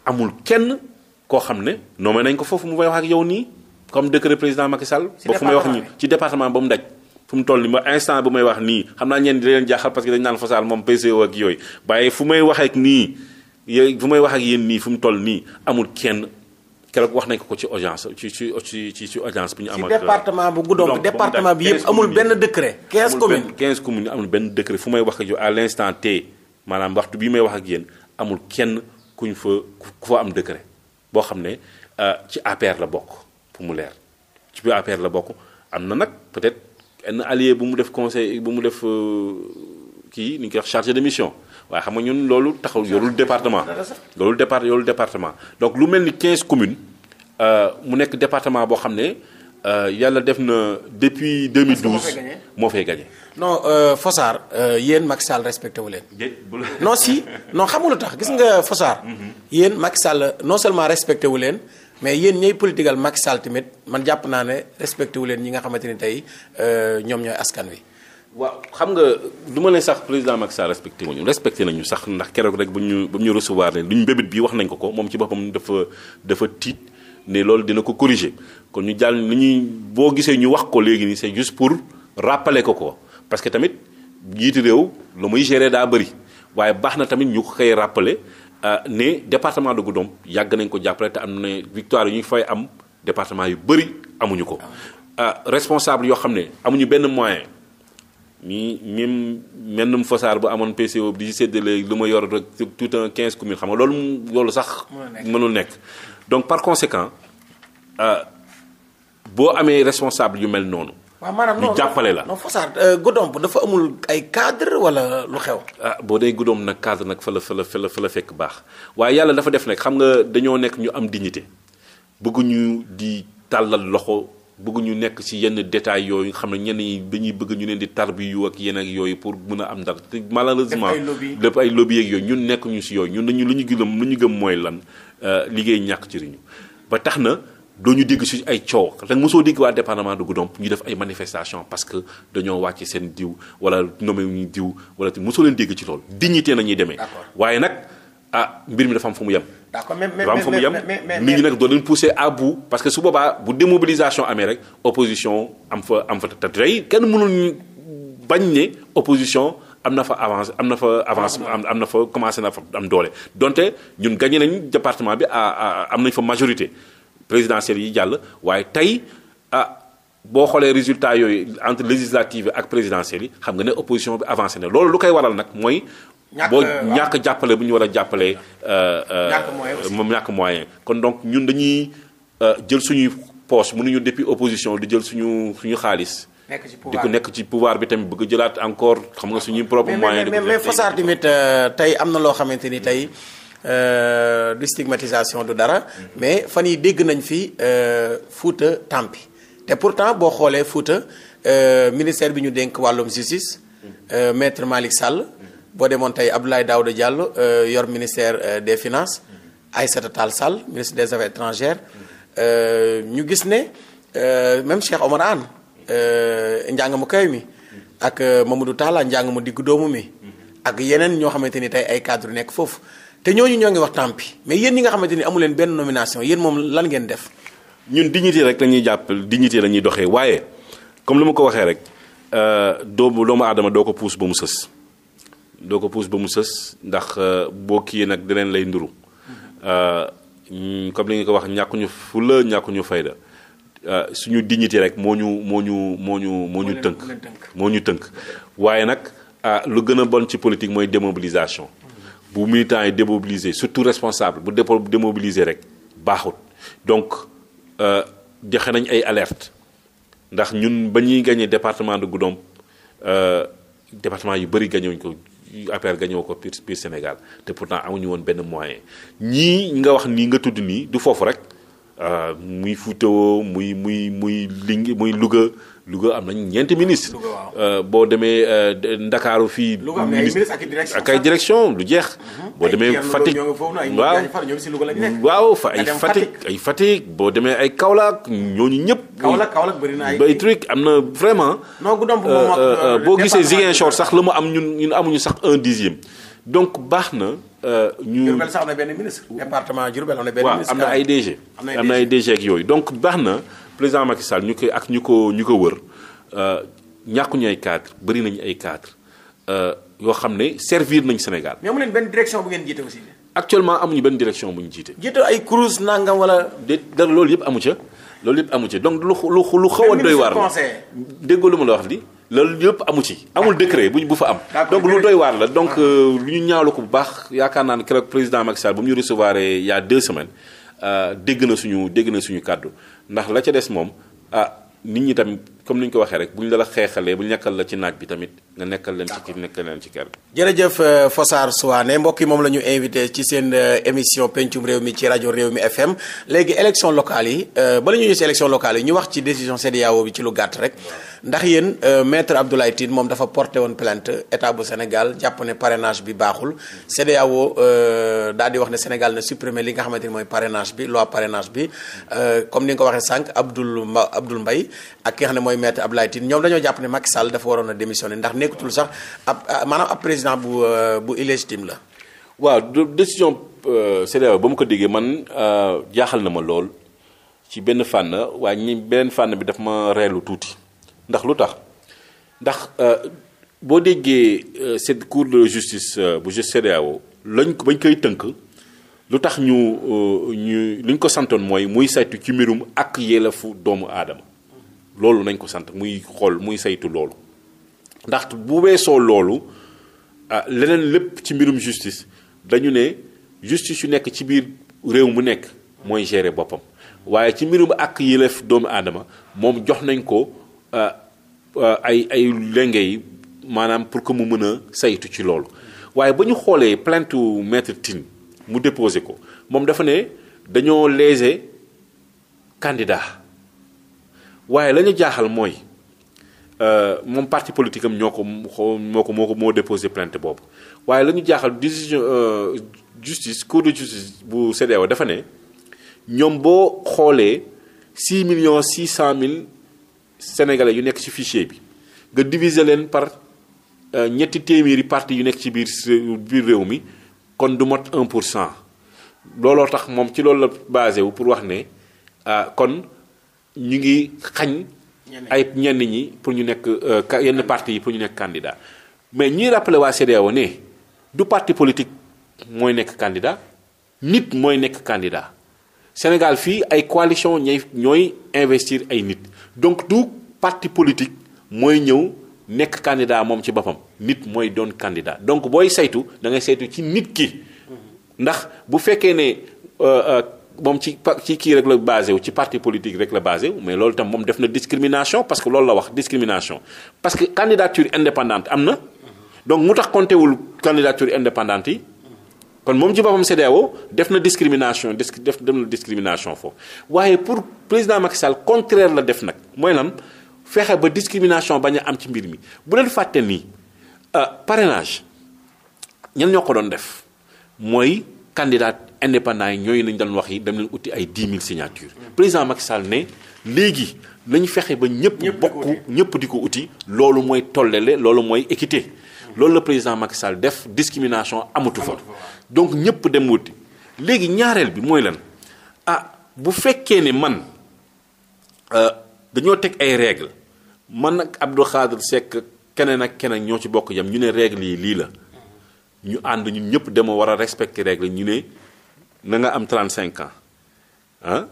amul kenn koo xam ne noo nommé nañ ko foofu mu may wax ak yow nii. comme décret président Macky Sall. ba fu may wax nii ci département ba mu daj. fu mu toll nii ba instant bu may wax nii xam naa ñeen di leen jaaxal parce que dañ naan Fassal moom PCO ak yooyu waaye fu may waxee nii yooyu may wax ak yéen nii fu mu toll nii amul kenn keroog wax nañ ko ko ci audience ci ci ci ci audience bi ñu amal. ci euh, département bu Goudomp département bi yëpp amul benn décret. 15 communes 15 communes amul benn décret fu may wax ak yow à l' instant maanaam waxtu bii may wax ak yéen amul kenn kuñ fa ku fa am décret boo xam ne euh, ci APR la bokk. pour mu leer ci biir APR la bokk am na nag peut-être benn allié bu mu def conseil bu mu def euh, kii ni ñu koy wax chargé de mission waaye xam nga ñun loolu taxaw yorul département loolu départ yorul département donc lu mel ni 15 communes euh, mu nekk département boo xam ne euh, yàlla def na depuis 2012 moo fay gagné non Fossar yéen Macky Sall respecté wu leen non si non xamul tax gis nga Fossar mm-hmm. yéen Macky Sall non seulement respecté wu leen mais yéen ñay politigal Macky Sall tamit man jàpp naa ne respecté wu leen ñi nga xamante ni tey euh, ñoom ñooy askan wi. waaw xam nga du ma ne sax président Macky Sall respecté wuñu respecté nañu sax ndax keroog rek bu ñu bu ñu recevoir ne luñ bébit bii wax nañ ko ko moom ci boppam dafa dafa tiit ne loolu dina ko corriger kon ñu jàll li ñuy boo gisee ñu wax ko léegi nii c'est juste pour rappeler ko ko parce que tamit jiitu réew lu muy gérer daa bëri waaye baax na tamit ñu ko koy rappeler. Euh, ne département de Goudomp yàgg nañ ko jàppale te am na victoire yu ñu fay am département yu bëri amuñu ko euh, responsable yoo xam ne amuñu benn moyen mi même mennum fosaar bu amoon PCO di séddale lu ma yor rek tout un quinze communes xam nga loolu loolu sax mënul nekk donc par conséquent euh, boo amee responsable yu mel noonu waaw maanaam ñu jàppale la non Fossard euh, Goudomp dafa amul ay cadre wala lu xew. ah boo dee Goudomp nag cadre nag fa la fa la la fekk baax waaye yàlla dafa def nag xam nga dañoo nekk ñu am di dignité bëgguñu di tàllal loxo bëgguñu nekk ci yenn détails yooyu xam ne ñenn ñi ñuy bëgg ñu leen di tarbiyu ak yenn yooyu pour mën a am dara te malheureusement lépp ay lobby ak yooyu ñun nekkuñu si yooyu ñun dañu lu ñu gëm lu ñu gëm mooy lan euh, liggéey ñàkk ci riñu ba tax na. doo ñu dégg si ay coow rek mosoo dégg waa département de Goudomp ñu def ay manifestation parce que dañoo wàcc seen diw wala nommé ñu diw wala mosoo leen dégg ci loolu dignité nañuy demee. waaye nag ah mbir mi dafa am fu mu yem. d'accord mais am fu mu yem nit ñi nag doo leen pousser à bout parce que su boobaa bu démobilisation amee rek opposition am fa am fa te tey kenn mënul ñu bañ ne opposition. am na fa avance am na fa avance ah. am na fa commencé na fa am doole donte ñun gagné nañ département bi à am nañ fa majorité présidentielles yi jàll waaye tey ah boo xoolee résultat yooyu entre législative ak présidentielles yi xam nga ne opposition bi avancé na loolu lu koy waral nag mooy. boo ñàkk jàppale bu ñu war a jàppale. Euh, euh, moom ñàkk moyen kon donc ñun dañuy euh, jël suñuy poche mënuñu depuis opposition di jël suñu suñu xaalis. nekk ci pouvoir di ko nekk ci pouvoir bi tamit bëgg jëlaat encore xam nga suñuy propre moyen. mais mais mais Fassar tamit tey am na loo xamante ni tey. Euh, du stigmatisation du dara. mais fan yi dégg nañ fi euh, Fouta tampi te pourtant boo xoolee Fouta euh, ministère bi ñu denk wàllum justice. maître Malick Sall. boo demoon tey Abdoulaye Daouda Diallo yor ministère des finances. Aïssata Tall Sall ministre des affaires étrangères. ñu gis ne même Cheikh Omar Anne. njàng mu kaw mi. ak Mamadou Talla njàng mu digg doomu mi. ak yeneen ñoo xamante ni tey ay cadre nekk foofu. te ñooñu ñoo ngi wax tant pis mais yéen ñi nga xamante ni amu leen benn nomination yéen moom lan ngeen def. ñun dignité rek la ñuy jàpp dignité la ñuy doxee waaye comme lu ma ko waxee rek euh, doomu doomu aadama doo ko puus ba mu sës doo ko puus ba mu sës ndax euh, boo kii nag dinañ lay nduru euh, comme li nga ko wax ñàkkuñu fulla ñàkkuñu fayda suñu dignité rek moo ñu moo ñu moo ñu moo ñu tënk moo ñu tënk waaye nag lu gën a bon ci politique mooy démobilisation bu militants yi démobiliser surtout responsable bu démobiliser rek baaxut donc euh, joxe nañ ay alerte ndax ñun ba ñuy gagné département de Goudomp euh, département yu bari gagné wuñ ko APR gagné ko biir Sénégal te pourtant amuñu woon benn moyen ñii nga wax nii nga tudd nii du foofu rek. Euh, muy Fuutawoo muy muy muy Ling muy Louga Louga am nañ ñeenti ministre euh, boo demee euh, Ndakaaru fii. ministre ak ay direction lu jeex. Mhm. boo demee Fatick waaw waaw fa ay Fatick ay Fatick boo demee ay Kaolack ñooñu ñëpp. Kaolack Kaolack bëri na ay ay truc am na vraiment. boo gisee Ziguinchor sax la mu am ñun ñun amuñu sax un dixième donc baax na. Euh, ñu Diourbel sax am na benn ministre. département na benn ministre. am na ay DG. am na ay DG ak yooyu donc baax na président Macky Sall ñu koy ak ñu ko ñu ko wër euh, ñàkkuñu ay cadre bari nañu ay cadre euh, yoo xam ne servir nañu Sénégal. mais amu leen benn direction bu ngeen jiite aussi. actuellement amuñu benn direction bu ñu jiite. jiite ay cruise nanga wala. déet dara loolu yëpp amu ca loolu yëpp amu ca donc lu lu lu xaw a doy waar la déggoo lu ma la wax di loolu yëpp amu ci amul décret bu bu fa am. donc lu doy waar la donc ah. euh, lu ñu ñaawlu ko bu baax yaakaar naa ne rek président Macky Sall mu ñu recevoir il a deux semaines euh, dégg na suñu dégg na suñu kàddu ndax la ca des moom ah nit ñi tamit comme ni ñu ko waxee rek bu ñu la la xeexalee bu ñu la ci naaj bi tamit. nga nekkal leen ci kii nekkal leen ci kër jërëjëf euh, Fossar Souane mbokk yi moom la ñu invité ci seen euh, émission pencum réew mi ci rajo réew mi FM léegi élection locale yi euh, bala ñu ñëw locale yi ñu wax ci décision CEDEAO bi ci lu gàtt rek ndax yéen maître Abdoulaye Tine moom dafa porté woon plainte état bu senegal jàpp ne parrainage bi baaxul CEDEAO daal di wax ne Sénégal na supprimer li nga xamante ni mooy parrainage bi loi parrainage bi comme ni nga ko waxee sànq Abdoul Abdoul Mbaye ak ki nga xam ne mooy maître Abdoulaye Tine ñoom dañoo jàpp ne Macky Sall dafa waroon nekkatul sax ab ah, maanaam ab président bu euh, bu illégitime la. waaw décision euh, CEDEAO ba mu ko déggee man euh, jaaxal na ma lool ci benn fànn waaye ñi beneen fànn bi daf ma reelu tuuti ndax lu tax ndax boo déggee cette cour de justice bu je CEDEAO lañ ko bañ koy tënk lu tax ñu ñu li ko santoon mooy muy saytu ci mbirum ak fu doomu aadama loolu nañ ko sant muy xool muy saytu loolu ndax bu weesoo loolu ah, leneen lépp ci mbirum justice dañu ne justice yu nekk ci biir réew mu nekk mooy gérer boppam waaye ci mbirum ak yëlef doomu aadama moom jox nañ ko ah, ah, ay ay lenge maanaam pour que mu mën a saytu ci loolu waaye ba ñu xoolee plainte maître Tine mu déposé ko moom dafa ne dañoo léser candidat waaye lañu jaaxal mooy Euh, moom parti politique am ñoo ko moo ko moo ko moo déposé plainte boobu waaye la ñu jaaxal décision euh, justice cour de justice bu CEDEAO dafa ne ñoom boo xoolee million millions 600 mille sénégalais yu nekk ci fichier bi nga diviser leen par euh, ñetti téeméeri parti yu nekk ci biir biir réew mi kon du mot 1 pour cent looloo tax moom ci loolu la basé wu pour wax ne ah, kon ñu ngi xañ. ay ñenn ñi pour ñu nekk euh, yenn parti yi pour ñu nekk candidat mais ñuy rappelé waa CEDEAO ne du parti politique mooy nekk candidat nit mooy nekk candidat Sénégal fii ay coalition ñay ñooy investir ay nit donc du parti politique mooy ñëw nekk candidat moom ci boppam nit mooy doon candidat donc booy saytu da ngay saytu ci nit ki mm-hmm. ndax bu fekkee ne euh, euh, moom ci ci kii rek la basé wu ci parti politique rek la basé wu mais loolu tam moom def na discrimination parce que loolu la wax discrimination parce que candidature indépendante am na donc mu tax compté wul candidature indépendante yi kon moom ci boppam CEDEAO def na discrimination dis def na discrimination foofu waaye pour président Macky Sall contraire la def nag mooy lan fexe ba discrimination bañ a am ci mbir mi bu leen fàtte nii euh, parrainage ñan ñoo ko doon def mooy candidat indépendants yi ñooyu lañ doon wax yi dem leen uti ay 10 000 signatures président Macky Sall ne léegi lañ fexe ba ñëpp bokk ñëpp di ko uti loolu mooy tollele loolu mooy équité loolu la président Macky Sall def discrimination amatu fa donc ñëpp dem wuti léegi ñaareel bi mooy lan a ah, bu fekkee ne man euh, dañoo teg ay règles man nag Abdou Khadre Seck keneen ak keneen ñoo ci bokk yam ñu ne règles yi lii la ñu ànd ñun ñëpp dama war a respecter règles ñu ne na nga am 35 ans ah.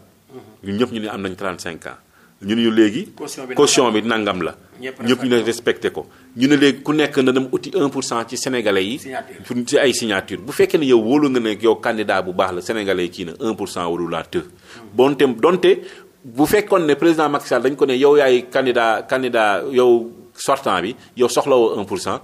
ñun ñëpp ñu ne am nañ 35 ans ñu ne ñu léegi. caution bi nangam la. ñëpp ñu ne respecté ko. ñu ne léegi ku nekk na dem uti 1 pour cent ci sénégalais yi. pour ci ay signature bu fekkee ne yow wóolu nga ne yow candidat bu baax la sénégalais yi kii na 1 pour cent warul laa të. bonte donte bu fekkoon ne président Macky Sall dañ ko ne yow yaay candidat candidat yow sortant bi yow soxlawoo 1 pour cent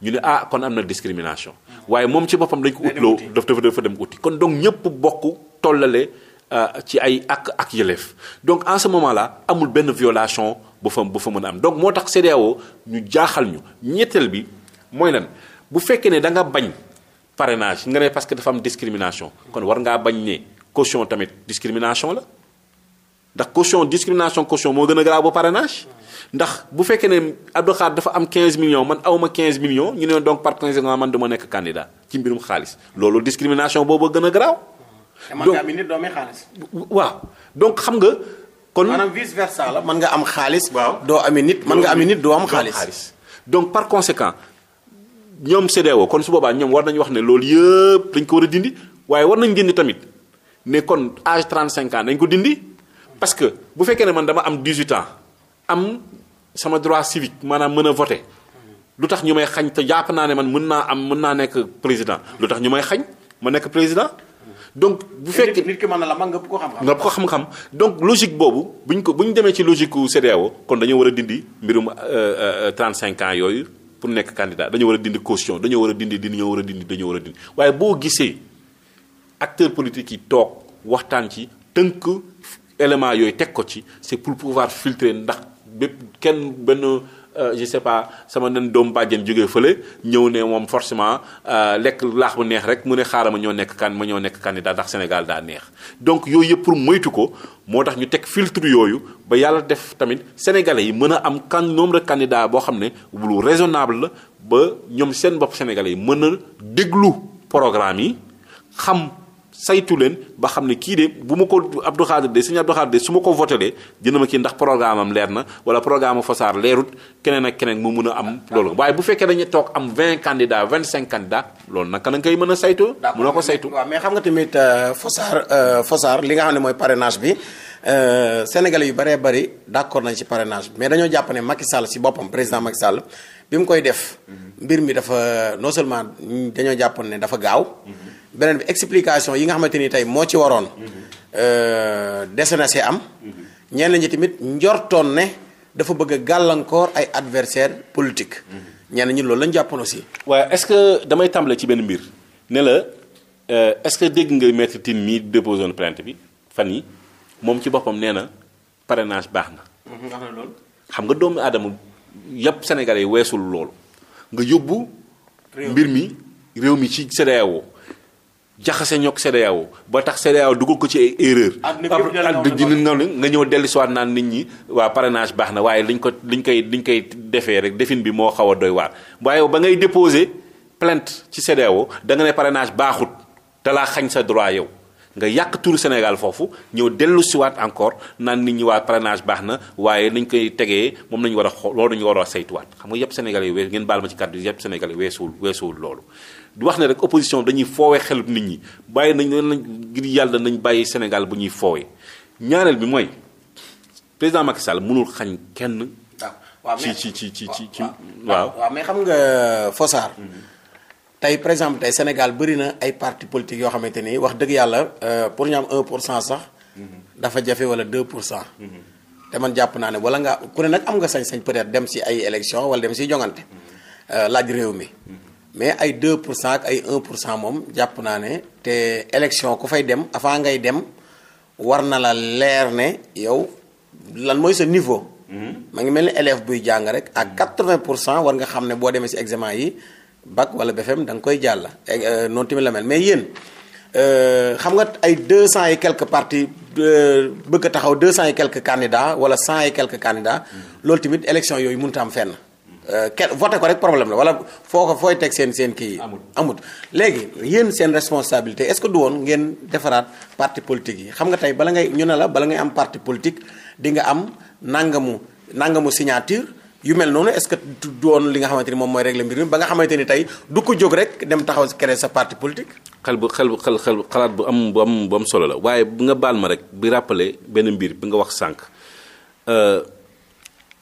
ñu ne ah kon am na discrimination. waaye moom ci boppam dañ ko utloo daf dafa dem uti kon donc ñëpp bokk tollale euh, ci ay ak ak yëleef donc en ce moment amul benn violation bu fa bu fa mën a am donc moo tax CEDEAO ñu jaaxal ñu ñetteel bi mooy lan bu fekkee ne da nga bañ parrainage nga ne parce que dafa am discrimination kon war ngaa bañ ne caution tamit discrimination la ndax caution discrimination caution moo gën a garaaw ba parrainage ndax bu fekkee ne Abdou dafa am 15 millions man awma 15 millions ñu ne donc par conséquent man duma nekk candidat ci mbirum xaalis loolu discrimination boobu gën a garaaw. donc te nit doomee xaalis. waaw donc xam nga. kon maanaam vice versa la mën nga am xaalis. waaw doo amee nit mën amee nit doo am xaalis. donc par conséquent ñoom CEDEAO kon su boobaa ñoom war nañu wax ne loolu yëpp dañ ko war a dindi waaye war nañ dindi tamit ne kon âge 35 ans dañ ko dindi parce que bu fekkee ne man dama am 18 ans am. sama droit civique maanaam mën a voter lu tax ñu may xañ te jàpp naa ne man mën naa am mën naa nekk président lu tax ñu may xañ ma nekk président donc bu fekkee nit ki na la man nga bu ko xam-xam xam-xam donc logique boobu buñ ko bu demee ci logique gu CEDEAO kon dañoo war a dindi mbirum 35 euh, euh, euh, ans yooyu pour nekk candidat dañoo war a dindi caution dañoo war a dindi dañoo war a dindi dañoo war a dindi waaye boo gisee acteurs politiques yi toog waxtaan ci tënk éléments yooyu teg ko ci c'est pour pouvoir filtrer ndax. bépp kenn benn euh, je sais pas sama nen doom bàjjen jóge fële ñëw ne moom forcément euh, lekk laax bu neex rek mu ne xaaral ma ñoo nekk kan ma ñoo nekk candidat ndax Sénégal daa neex donc yooyu yëpp pour moytu ko moo tax ñu teg filtre yooyu ba yàlla def tamit sénégalais yi mën a am kan nombre de candidats boo xam ne lu raisonnable la ba ñoom seen bopp sénégalais yi mën na déglu programme yi xam. saytu leen ba xam ne kii de bu ma ko Abdou Khadir de suñu Abdou Khadir de su ma ko votelee dina ma kii ndax programme leer na wala programme Fossar leerut keneen ak keneen mu mun a am loolu waaye bu fekkee dañuy toog am 20 candidats 25 candidats loolu nag kan nga koy mën a saytu mënoo ko saytu waaw mais xam nga tamit euh, Fossar euh, Fossar li nga xam ne mooy parrainage bi euh, Sénégalais yu bëree bëri d'accord nañ ci parrainage bi mais dañoo jàpp ne Macky Sall si boppam président Macky bi mu koy def mhm. mbir mi dafa non seulement dañoo jàppoon ne dafa gaaw mhm. beneen bi explication yi nga xamante ni tey moo ci waroon euh, dese na si am ñenn ñi tamit njortoon ne dafa bëgg a gàllankoor ay adversaire politique ñenn ñi loolu lañ jàppoon aussi waaye est-ce que damay tàmbale ci benn mbir ne la euh, est-ce que dégg nga maître Tine mii déposé woon plainte bi fan yi moom ci boppam nee na parrainage baax na xam nga doomu aadama yëpp sénégalais weesul loolu nga yóbbu mbir mi réew mi ci CEDEAO jaxase ñoog CEDEAO ba tax CEDEAO dugal ko ci ay erreur ak dina noonu nga ñëw dellu siwaat naan nit ñi waa parenage baax na waaye liñ ko liñ koy liñ koy defee rek defin bi moo xaw a doy waar waaye ba ngay déposer plainte ci CEDEAO da nga ne parrainage baaxut xañ sa droit yow nga yàq turu Sénégal foofu ñëw dellu siwaat encore naan nit ñi waa parrainage baax na waaye nañ koy tegee moom nañu war a xool loolu ñu war a saytuwaat xam nga yëpp Sénégalais yi ngeen baal ma ci kàddu yëpp Sénégalais weesuwul weesuwul loolu du wax ne rek opposition dañuy foowee xelub nit ñi bàyyi nañ leen ngir yàlla nañ bàyyi Sénégal bu ñuy foowee ñaareel bi mooy président Macky Sall mënul xañ kenn. waaw ci ci ci ci waaw. waaw mais xam nga Fossar. Mhm. tey par exemple tey Sénégal bëri na ay parti politique yoo xamante ni wax dëgg yàlla euh, pour ñu am pour cent sax. Mhm. dafa jafe wala 2 pour cent. Mhm. te man jàpp naa ne wala nga ku ne nag am nga sañ-sañ peut-être dem si ay élection wala dem si jongante euh, laaj réew mi. mais ay deux pour cent ak ay 1 pour cent moom jàpp naa ne te élection ku fay dem avant ngay dem war na la leer ne yow lan mooy sa niveau. Mhm. ma ngi mel ni élève buy jàng rek ak 80 pour cent war nga xam ne boo demee si examen yi bac wala BFEM da nga koy jàll eh, euh, noonu tamit la mel mais yéen euh, xam nga ay 200 et quelques partis euh, bëgg a taxaw 200 et quelques candidats wala 100 et quelques candidats mhm. loolu tamit élection yooyu mënut a am fenn. Euh, kenn voté ko rek problème la wala foo ko fooy teg seen seen kii. amut amut léegi yéen seen responsabilité est-ce que du woon ngeen defaraat parti politique yi xam nga tey bala ngay ñu ne la bala ngay am parti politique di nga am nangamu nangamu signature. yu mel noonu est-ce que du doon li nga xamante ni moom mooy régler mbir mi ba nga xamante ni tey du ko jóg rek dem taxaw si créer sa parti politique. xel bu xel xel xel xalaat bu am bu am bu am solo la waaye bu nga baal ma rek bi rappeler benn mbir bi nga wax sànq euh,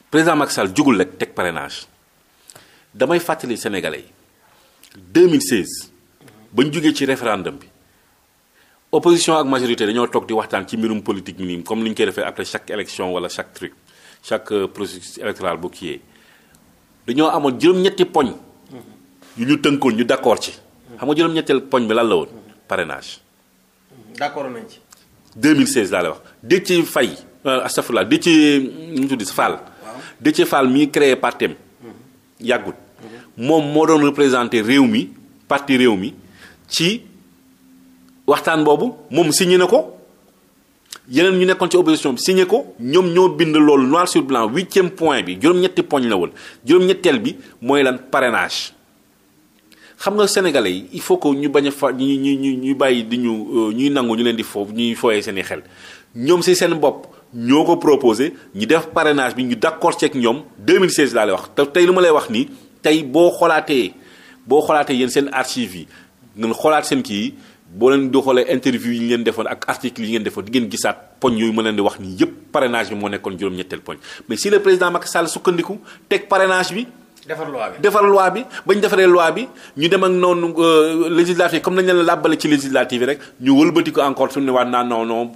président Macky jugul rek teg parrainage damay fàttali Sénégalais yi 2016 ba ñu jógee ci référendum bi opposition ak majorité dañoo toog di waxtaan ci mbirum politique mi comme ni ñu koy defee après chaque élection wala chaque truc chaque euh, processus électoral bu kii dañoo amoon juróom-ñetti poñ. yu ñu tënkoon ñu d' accord ci. xam nga juróom-ñetteel poñ bi lan la woon. parrainage. d' nañ ci. 2016 laa lay wax Déthié Faye euh, astafurlah Déthié nu mu tudd Fall. Déthié Fall mii créé partem yàggut moom moo doon représenté réew mi parti réew mi ci waxtaan boobu moom signé na ko yeneen ñu nekkoon ci opposition bi signé ko ñoom ñoo bind loolu noir sur blanc huitième point bi juróom-ñetti poñ la woon juróom-ñetteel bi mooy lan parenage xam nga sénégalais yi il faut que ñu bañ a fa ñu ñu ñu bàyyi di ñu euh, ñuy nangu ñu leen di foofu ñuy fooyee seen i xel ñoom si seen bopp. ñoo ko proposé ñu def parrainage bi ñu d'accord ceeg ñoom 2016 laa lay wax te tey lu ma lay wax nii tey boo xolaatee boo xolaatee yéen seen archives yi ngeen xolaat seen kii boo leen doxalee interview yi ñu leen defoon ak articles yi ngeen defoon di ngeen gisaat poñ yooyu ma leen di wax nii yépp parrainage bi moo nekkoon juróom-ñetteel poñ mais si le président Macky Sall sukkandiku teg parrainage bi. defar loi bi bi ba ñu defaree loi bi ñu dem ak noonu euh, législative comme nañ leen làbbale ci législative rek ñu wëlbati ko encore suñu ne waat naa non non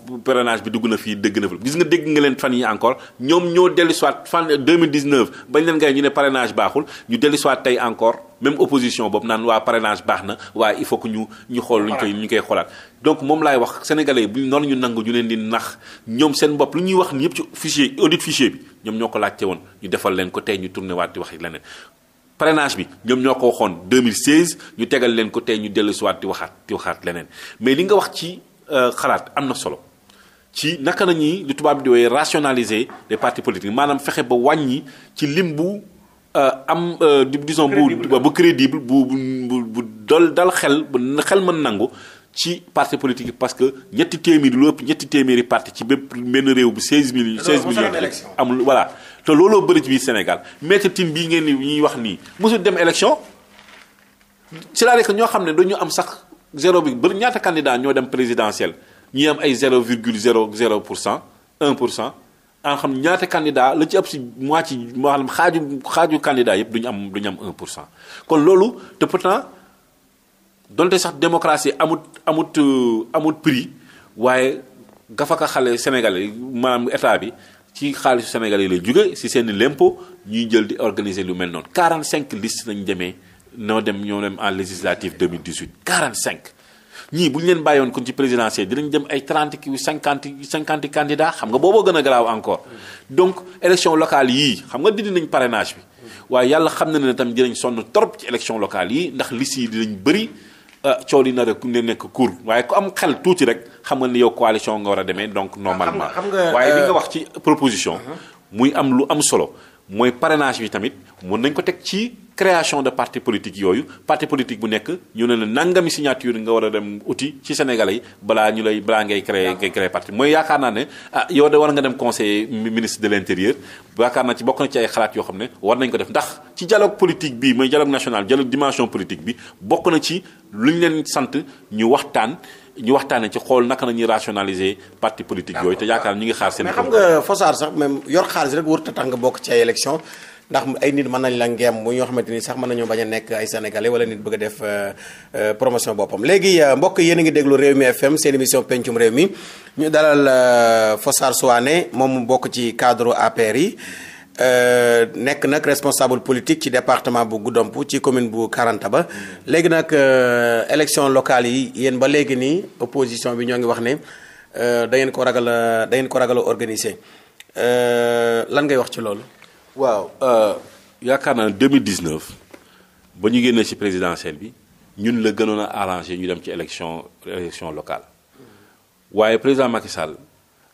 bi dugg na fii dëgg na fa gis nga dégg nga leen fan yi encore ñoom ñoo dellu soit fan 2019 bañ leen ngay ñu ne parrainage baaxul ñu dellu soit tey encore même opposition boobu naan waa parrainage baax na waaye il faut que ñu ñu xool lu ñu koy ñu koy donc moom laay wax sénégalais bi noonu ñu nangu ñu leen di nax ñoom seen bopp lu ñuy wax ni yëpp ci fichier audit fichier bi ñoom ñoo ko laajte woon ñu defal leen ko tey ñu tourné waat di wax leneen parrainage bi ñoom ñoo ko waxoon 2016 ñu tegal leen ko tey ñu dellusiwaat di waxaat di waxaat leneen mais li nga wax ci euh, xalaat am na solo ci naka la ñuy lu tubaab di wooyee rationaliser les partis politiques maanaam fexe ba wàññi ci limbu Euh, am euh, disons bu bu crédible bu bu bu dol dal xel bu xel mën nangu ci parti politique parce que ñetti téeméeri lu ëpp ñetti téeméeri parti ci bépp benn réew bu 16 millions 16 millions amul voilà te looloo bëri ci biir Sénégal maître Tine bii ngeen ni ñuy wax nii mosul dem élection c'est-à-dire ñoo xam ne dañu am sax zéro bi bëri ñaata candidat ñoo dem présidentielle ñi am ay 0 virgule 0 0 pour cent 1 pour cent a xam ñaata candidat la ci ëpp si moitié maanaam xaaju xaaju candidat yëpp duñu am duñu am 1 pour cent kon loolu te pourtant donte sax démocratie amut amut euh, amut prix waaye gafaka xale sénégalais maanaam état bi ci xaalisu sénégalais yi lay jóge si seen i lempo ñuy jël di organiser lu mel noonu 45 listes nañ demee noo dem ñoo dem en législative 2018 cinq ñii bu ñu leen bàyyoon kon ci présidentielle dinañ dem ay trente kii cinquante cinquante candidats xam nga booboo gën a garaaw encore donc élection locale yii xam nga dindi nañ parrainage waaye yàlla xam na ne tamit dinañ sonn trop ci élection locale yii ndax liste yi dinañ bëri euh, coow li nar a ne nekk cour waaye ku am xel tuuti rek xam nga ni yow coalition nga war a demee donc ah, normalement waaye li nga euh, wax ci proposition uh-huh. muy am lu am solo mooy parrainage bi tamit mën nañ ko teg ci création de parti politique yooyu parti politique bu nekk ñu ne la nangami signature nga war a dem uti ci sénégalais yi balaa ñu lay balaa ngay créer ngay créer parti mooy yaakaar naa ne ah, yow de war nga dem conseil ministre de l'intérieur yaakaar naa ci bokk na ci ay xalaat yoo xam ne war nañ ko def ndax ci dialogue politique bi mooy dialogue national dialogue dimension politique bi bokk na ci lu ñu leen sant ñu waxtaan ñu waxtaanee ci xool naka la ñuy rationaliser parti politique yooyu te yaakaar ñu ngi xaar seen. mais xam nga Fossard sax même yor xaalis rek warut a tax nga bokk ci ay élection ndax ay nit mën nañ la ngeem bu ñoo xamante ni sax mën nañoo bañ a nekk ay sénégalais wala nit bëgg a def euh, euh, promotion boppam léegi euh, mbokk yéen a ngi déglu réew mi FM seen émission pencum réew mi ñu dalal Fossard Souané moom mu bokk ci cadre APR yi. Euh, nekk nag responsable politique ci département bu Goudomp ci commune bu Karantaba léegi nag euh, élection locale yi yéen ba léegi nii opposition bi ñoo ngi wax ne euh, da ngeen ko ragal a da ngeen ko ragal a organiser lan ngay wax ci loolu. waaw yaakaar naa ne 2019 ba ñu génnee ci présidentielle bi ñun la gënoon a arrangé ñu dem ci élection élection locale waaye président Macky Sall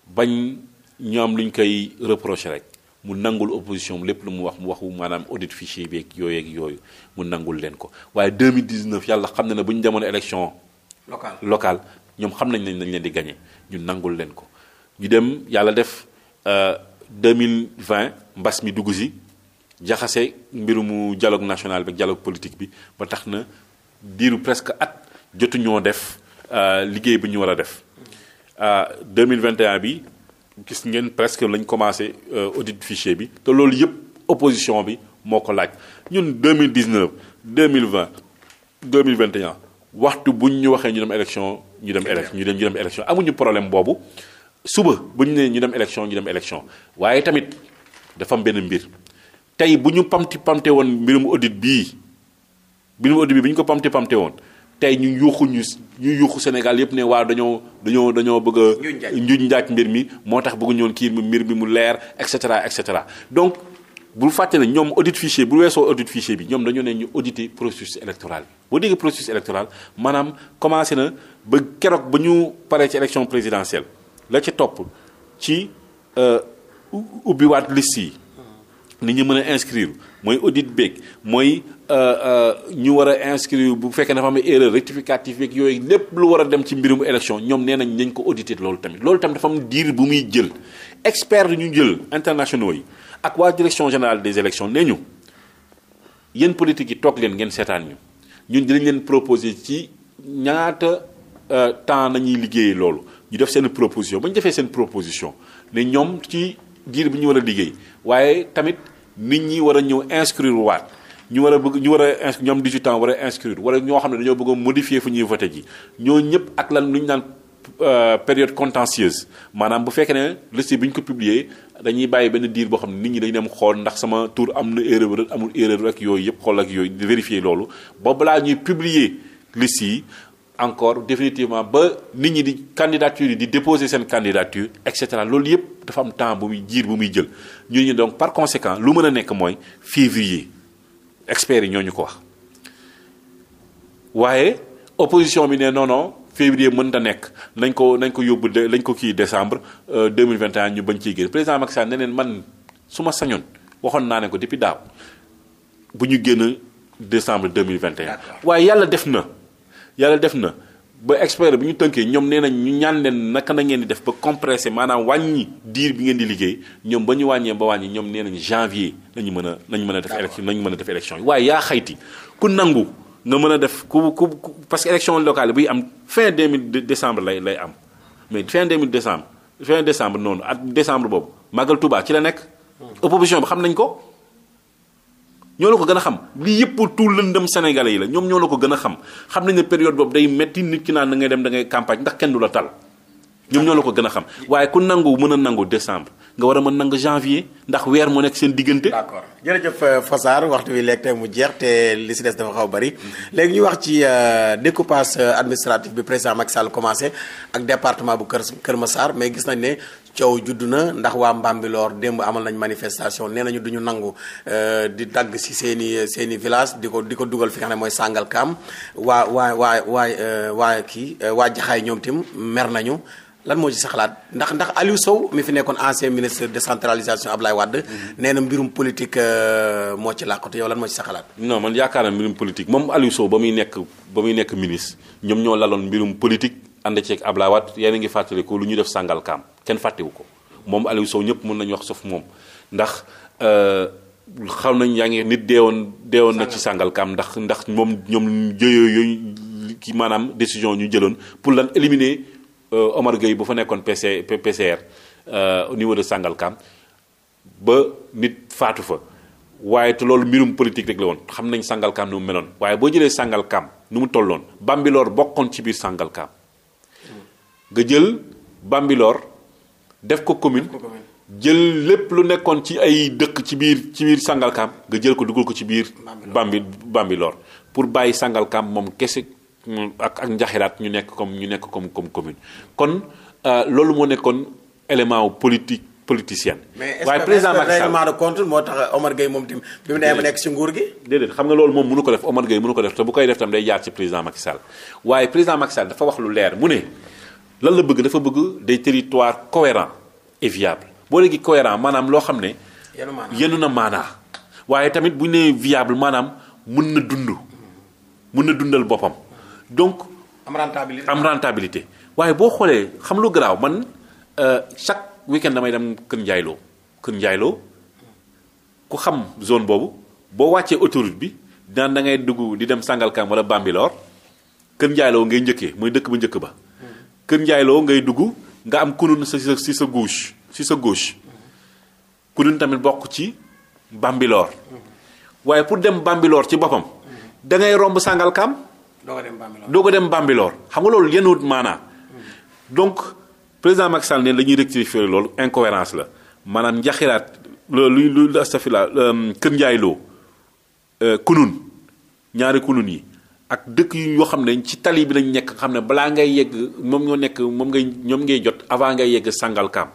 bañ ñoom luñ koy reproché rek. mu nangul opposition bi lépp lu mu wax mu waxu maanaam audit fichier beeg yooyu ak yooyu mu nangul leen ko waaye 2019 yàlla xam na ne bu ñu demoon élection. locale locale ñoom xam nañ ne dañ leen di gagné ñu nangul leen ko. ñu dem yàlla def 2020 euh, mbas mi dugg si jaxase mbirumu dialogue national beeg dialogue politique bi ba tax na diiru presque at jotu ñoo def euh, liggéey bi ñu war a def 2021 euh, bi. gis ngeen presque lañ commencé euh, audit fichier bi te loolu yëpp opposition bi moo ko laaj ñun 2019 2020 2021 waxtu buñ ñu waxee ñu dem élection ñu dem élection ñu dem ñu dem élection amuñu problème boobu suba bu ñu nee ñu dem élection ñu dem élection waaye tamit dafa am benn mbir tey bu ñu pamti pamte woon mbirum audit bii mbirum audit bii bu ñu ko pamti pamte woon tey ñu yuuxu ñu ñu yuuxu Sénégal yëpp ne waaw dañoo dañoo dañoo bëgg a njuñ njaaj mbir mi moo tax bëggu ñoon kii mu mbir mi mu leer et cetera et cetera donc bul fàtte ne ñoom audit fichier bu weesoo audit fichier bi ñoom dañoo ne ñu auditer processus électoral bi boo déggee processus électoral maanaam commencé na ba keroog ba ñu paree ci élection présidentielle la ci topp ci euh, ubbiwaat list yi. Hmm. nit ñi mën a inscrire mooy audit beeg mooy Euh, euh, ñu war a inscrire bu fekkee dafa am erreur rectificative yooyu lépp lu war dem ci mbirum élection ñoom nee nañ neen ko auditer loolu tamit loolu tamit dafa am diir bu muy jël expert ñu jël internationaux yi ak waa direction générale des élections nee ñu yéen politique yi toog leen ngeen seetaan ñu ñun dinañ leen proposer ci ñaata euh, temps nañuy liggéey loolu ñu def seen proposition ba ñu defee seen proposition ne ñoom ci diir bi ñu war a liggéey waaye tamit nit ñi war a ñëw inscrire waat. ñu war a bëgg ñu war a ins ñoom 18 ans war a inscrire wala ñoo xam ne dañoo bëgg a modifier fu ñuy voté ji ñoo ñëpp ak lan lu ñu naan euh, période contentieuse maanaam bu fekkee ne liste bi ñu ko publier dañuy bàyyi benn diir boo xam ne nit ñi dañu dem xool ndax sama tur am na erreur rek amul erreur ak yooyu yëpp xool ak yooyu di vérifier loolu ba balaa ñuy publier liste yi encore définitivement ba nit ñi di candidature yi di déposer seen candidature et cetera loolu yëpp dafa am temps bu muy jiir bu muy jël ñu ñu donc par conséquent lu mën a nekk mooy février experts yi ñoo ñu ko wax waaye opposition bi ne non non février mën ta nekk nañ ko nañ ko yóbbu de lañ ko kii décembre 2021 euh, ñu bañ ciy génn président Macky Sall ne leen man su ma sañoon waxoon naa ne ko depuis daaw bu ñu génn décembre 2021 waaye yàlla def na yàlla def na ba expert bi ñu tënkee ñoom nee nañ ñu ñaan leen naka na ngeen di def ba compressé maanaam wàññi diir bi ngeen di liggéey ñoom ba ñu wàññee ba wàññi ñoom nee nañ janvier nañu mën a nañu a def élection nañu mën a def élection yi waaye yaa xayti ku nangu nga mën a def ku ku parce que élection locale bi am fin 2000 décembre lay lay am mais fin 2000 décembre fin décembre noonu ak décembre boobu màggal Touba ci la nekk hmm. opposition bi xam nañ ko ñoo la ko gën a xam lii yëpp tout lëndëm sénégalais yi la ñoom ñoo la ko gën a xam xam nañ ne période boobu day metti nit ki naan da ngay dem da ngay campagne ndax kenn du la tal ñoom ñoo la ko gën a xam waaye ku nangu mën a nangu décembre nga war a mën nangu janvier ndax weer moo nekk seen diggante. d'accord jërëjëf euh, Fassar waxtu wi léegi tey mu jeex te li si des dafa xaw bari léegi ñu wax ci euh, découpage euh, administratif bi président Macky Sall commencé ak département bu Kër Kër Massar mais gis nañ ne coow juddu na ndax waa Mbambilor démb amal nañ manifestation nee ñu duñu nangu euh, di dagg si seeni seeni seen village di ko di ko dugal fi nga xam ne mooy Sangalkam waa waa waa waa euh, waa kii euh, waa Jaxaay ñoom tim mer nañu lan moo ci sa ndax ndax Aliou Sow mi fi nekkoon ancien ministre décentralisation Ablaye Wade. Mhm. nee na mbirum politique moo ci làqatu yow lan moo ci sa xalaat. yaakaar naa mbirum politique moom Aliou Sow ba muy nekk ba muy nekk ministre ñoom ñoo laloon mbirum politique. ànd ceeg Ablaye Wade yéen a ngi fàttaliku lu ñu def sàngal kenn fàttewu ko moom Aliou Sow ñëpp mën nañu wax sauf moom ndax euh, xam nañ yaa ngi nit deewoon deewoon na ci sàngal ndax ndax moom ñoom jëyoo yooyu ki maanaam décision ñu jëloon pour lan éliminer euh, Omar Gueye bu fa nekkoon PC PCR euh, au niveau de sàngal ba nit faatu fa waaye te loolu mbirum politique rek la woon xam nañ sàngal kaam nu mu meloon waaye boo jëlee sàngal kaam nu mu tolloon Bambilor bokkoon ci biir sàngalkaam nga jël Bambilor def ko commune jël lépp lu nekkoon ci ay dëkk ci biir ci biir Sangalkam nga jël ko dugal ko ci biir Bambi Bambilor pour bàyyi Sangalkam moom kese ak ak njaxiraat ñu nekk comme ñu nekk comme comme commune kon euh, loolu moo nekkoon élément politique politicienne. waaye président Macky Sall mais est ce que de compte moo tax Omar Gueye moom ko def Omar Gueye ko def te bu koy def tam day jaar dafa wax lu leer mu ne. lan la bëgg dafa bëgg day territoires cohérents et viable boo léegi cohérent maanaam loo xam ne. yenu na maanaa waaye tamit bu ñu nee viable maanaam mun na dund. mën na dundal boppam donc. am rentabilité am rentabilité waaye boo xoolee xam lu garaaw man euh, chaque week damay dem Kër Njaayloo Kër Njaayloo ku xam zone boobu boo wàccee autorite bi daan da ngay dugg di dem Sangalkam wala Bambilor Kër Njaayloo ngay njëkkee mooy dëkk bu njëkk ba. kër njaayloo ngay dugg nga am kunun sa si sa gauche si sa gauche kunun tamit bokk ci bambiloor waaye pour dem bambiloor ci boppam da ngay romb Sangalkam doo ko dem bambiloor xam nga loolu yenuwut maanaa donc président Macky Sall ne la ñuy rectifier loolu incohérence la maanaam njaxiraat lu lu astafila euh, kër njaayloo euh, kunun ñaari kunun yi ak dëkk yu yoo xam ne ci tali bi lañ nekk xam ne balaa ngay yegg moom ñoo nekk moom ngay ñoom ngay jot avant ngay yegg Sangalkam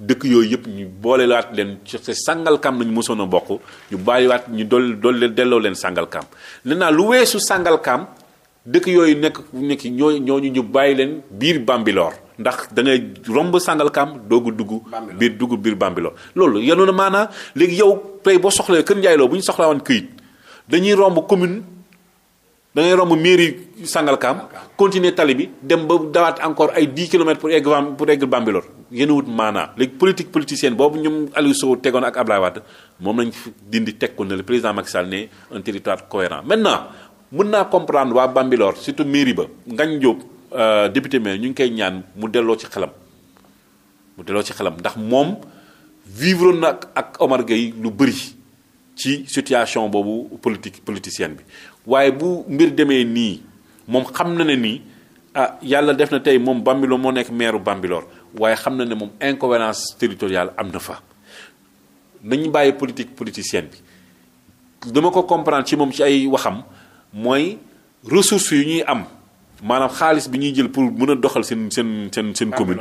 dëkk yooyu yëpp ñu boolelaat leen ci Sangalkam lañ mosoon a bokk ñu bàyyiwaat ñu dool dool delloo leen Sangalkam nee naa lu weesu Sangalkam dëkk yooyu nekk nekk ñoo ñooñu ñu bàyyi leen biir bambiloor ndax da ngay romb Sangalkam doogu dugg biir dugg biir Bambilor loolu yenoon na maanaa léegi yow tey boo soxlee Kër Ndiayloo bu ñu soxla woon këyit dañuy romb commune da ngay romb mairie Sangalkam continuer tali bi dem ba dawaat encore ay 10 kilomètres pour egg pour egg Bambilor yéen a wut maanaa léegi politique politicienne boobu ñoom Aliou Sow tegoon ak Ablaye moom lañ dindi teg ko ne le président Macky Sall ne un territoire naa comprendre waa Bambilor surtout mairie ba Ngagne Diop euh, député maire ñu ngi koy ñaan mu delloo ci xelam mu delloo ci xelam ndax moom vivre na ak Omar Gueye lu bëri ci situation boobu politique politicienne bi waaye bu mbir demee nii moom xam na ne nii ah yàlla def na tey moom Bambilor moo nekk maire Bambilor waaye xam na ne moom incohérence territoriale am na fa nañu bàyyi politique politicienne bi dama ko comprendre ci moom ci ay waxam mooy ressources yu ñuy am maanaam xaalis bi ñuy jël pour mën a doxal seen seen seen seen commune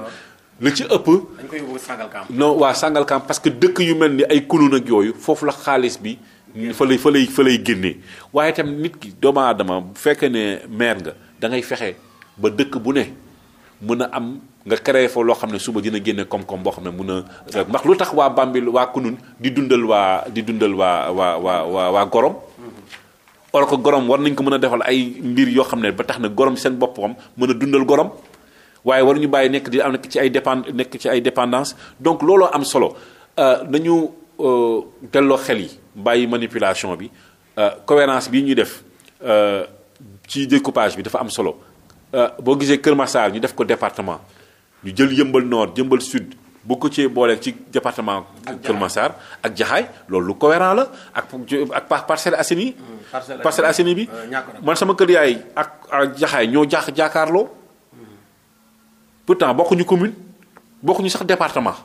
li ci ëpp dañ koy yóbbu Sangalkam non waa Sangalkam parce que dëkk yu mel ni ay Kounoune ak yooyu foofu la xaalis bi fa lay fa lay fa lay génnee waaye tam nit ki doomu aadama bu fekkee ne maire nga dangay fexe ba dëkk bu ne mën a am nga créé fa loo xam ne suba dina génne koom-koom boo xam ne mun a ndax lu tax waa Bambil waa Kunun di dundal waa di dundal waa waa waa waa waa Gorom or que Gorom war nañ ko mën a defal ay mbir yoo xam ne ba tax na Gorom seen boppam mën a dundal Gorom waaye war waruñu bàyyi nekk di am nekk ci ay dépend nekk ci ay dépendance donc looloo am solo euh, nañu. Euh, delloo xel yi bàyyi manipulation bi euh, cohérence bi ñuy def euh, ci découpage bi dafa am solo boo gisee Kër Massar ñu def ko département ñu jël yëmbal nord yëmbal sud bu ko cee booleeg ci département. Kër Massar ak Jaxaay loolu lu cohérent la ak ak mm, Parcelles Assainies. Parcelles Assainies bi man sama kër yaay ak ak Jaxaay ñoo jaax jaakaarloo mm. temps bokkuñu commune bokkuñu sax département.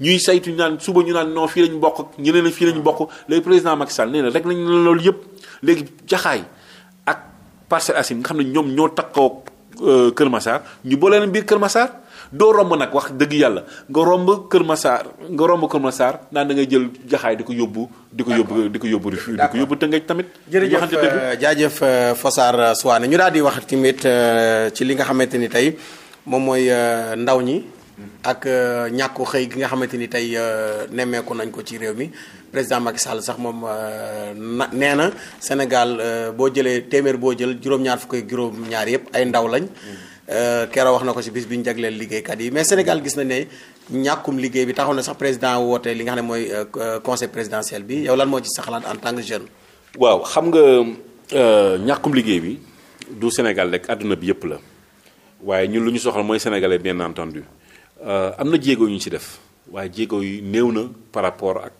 ñuy saytu ñu naan suba ñu naan non fii lañ bokk ñeneen a fii lañ bokk léegi président Macky ne nee na rek lañ loolu yëpp léegi jaxaay ak Parcelles Assainies nga xam ne ñoom ñoo takkoo euh, Kër Massar ñu boole leen biir Kër Massar doo romb nag wax dëgg yàlla nga romb Kër Massar nga romb Kër Massar naan da ngay jël jaxaay di ko yóbbu. di ko yóbbu di ko yóbbu di ko yóbbu Tëngéej tamit. jërëjëf euh, jaajëf euh, Fossar Souane ñu daal di wax tamit ci li nga xamante ni tey moom mooy ndaw ñi. ak euh, ñàkku xëy gi nga xamante ni tey euh, nemmeeku nañ ko ci réew mi président Macky Sall sax moom euh, na nee na Sénégal boo jëlee téeméer boo jël juróom-ñaar fukk ak juróom-ñaar yëpp ay ndaw lañ. keroog wax na ko ci bis bi ñu jagleel liggéeykat yi mais Sénégal gis na ne ñàkkum liggéey bi taxaw na sax président woote li nga xam ne mooy conseil présidentiel bi yow lan moo ci sa xalaat en tant que jeune. waaw xam nga ñàkkum liggéey bi du Sénégal rek àdduna bi yëpp la waaye ñun lu ñu soxla mooy sénégalais bien entendu Euh, am na jéego ñu ci def waaye jéego yi néew na par rapport ak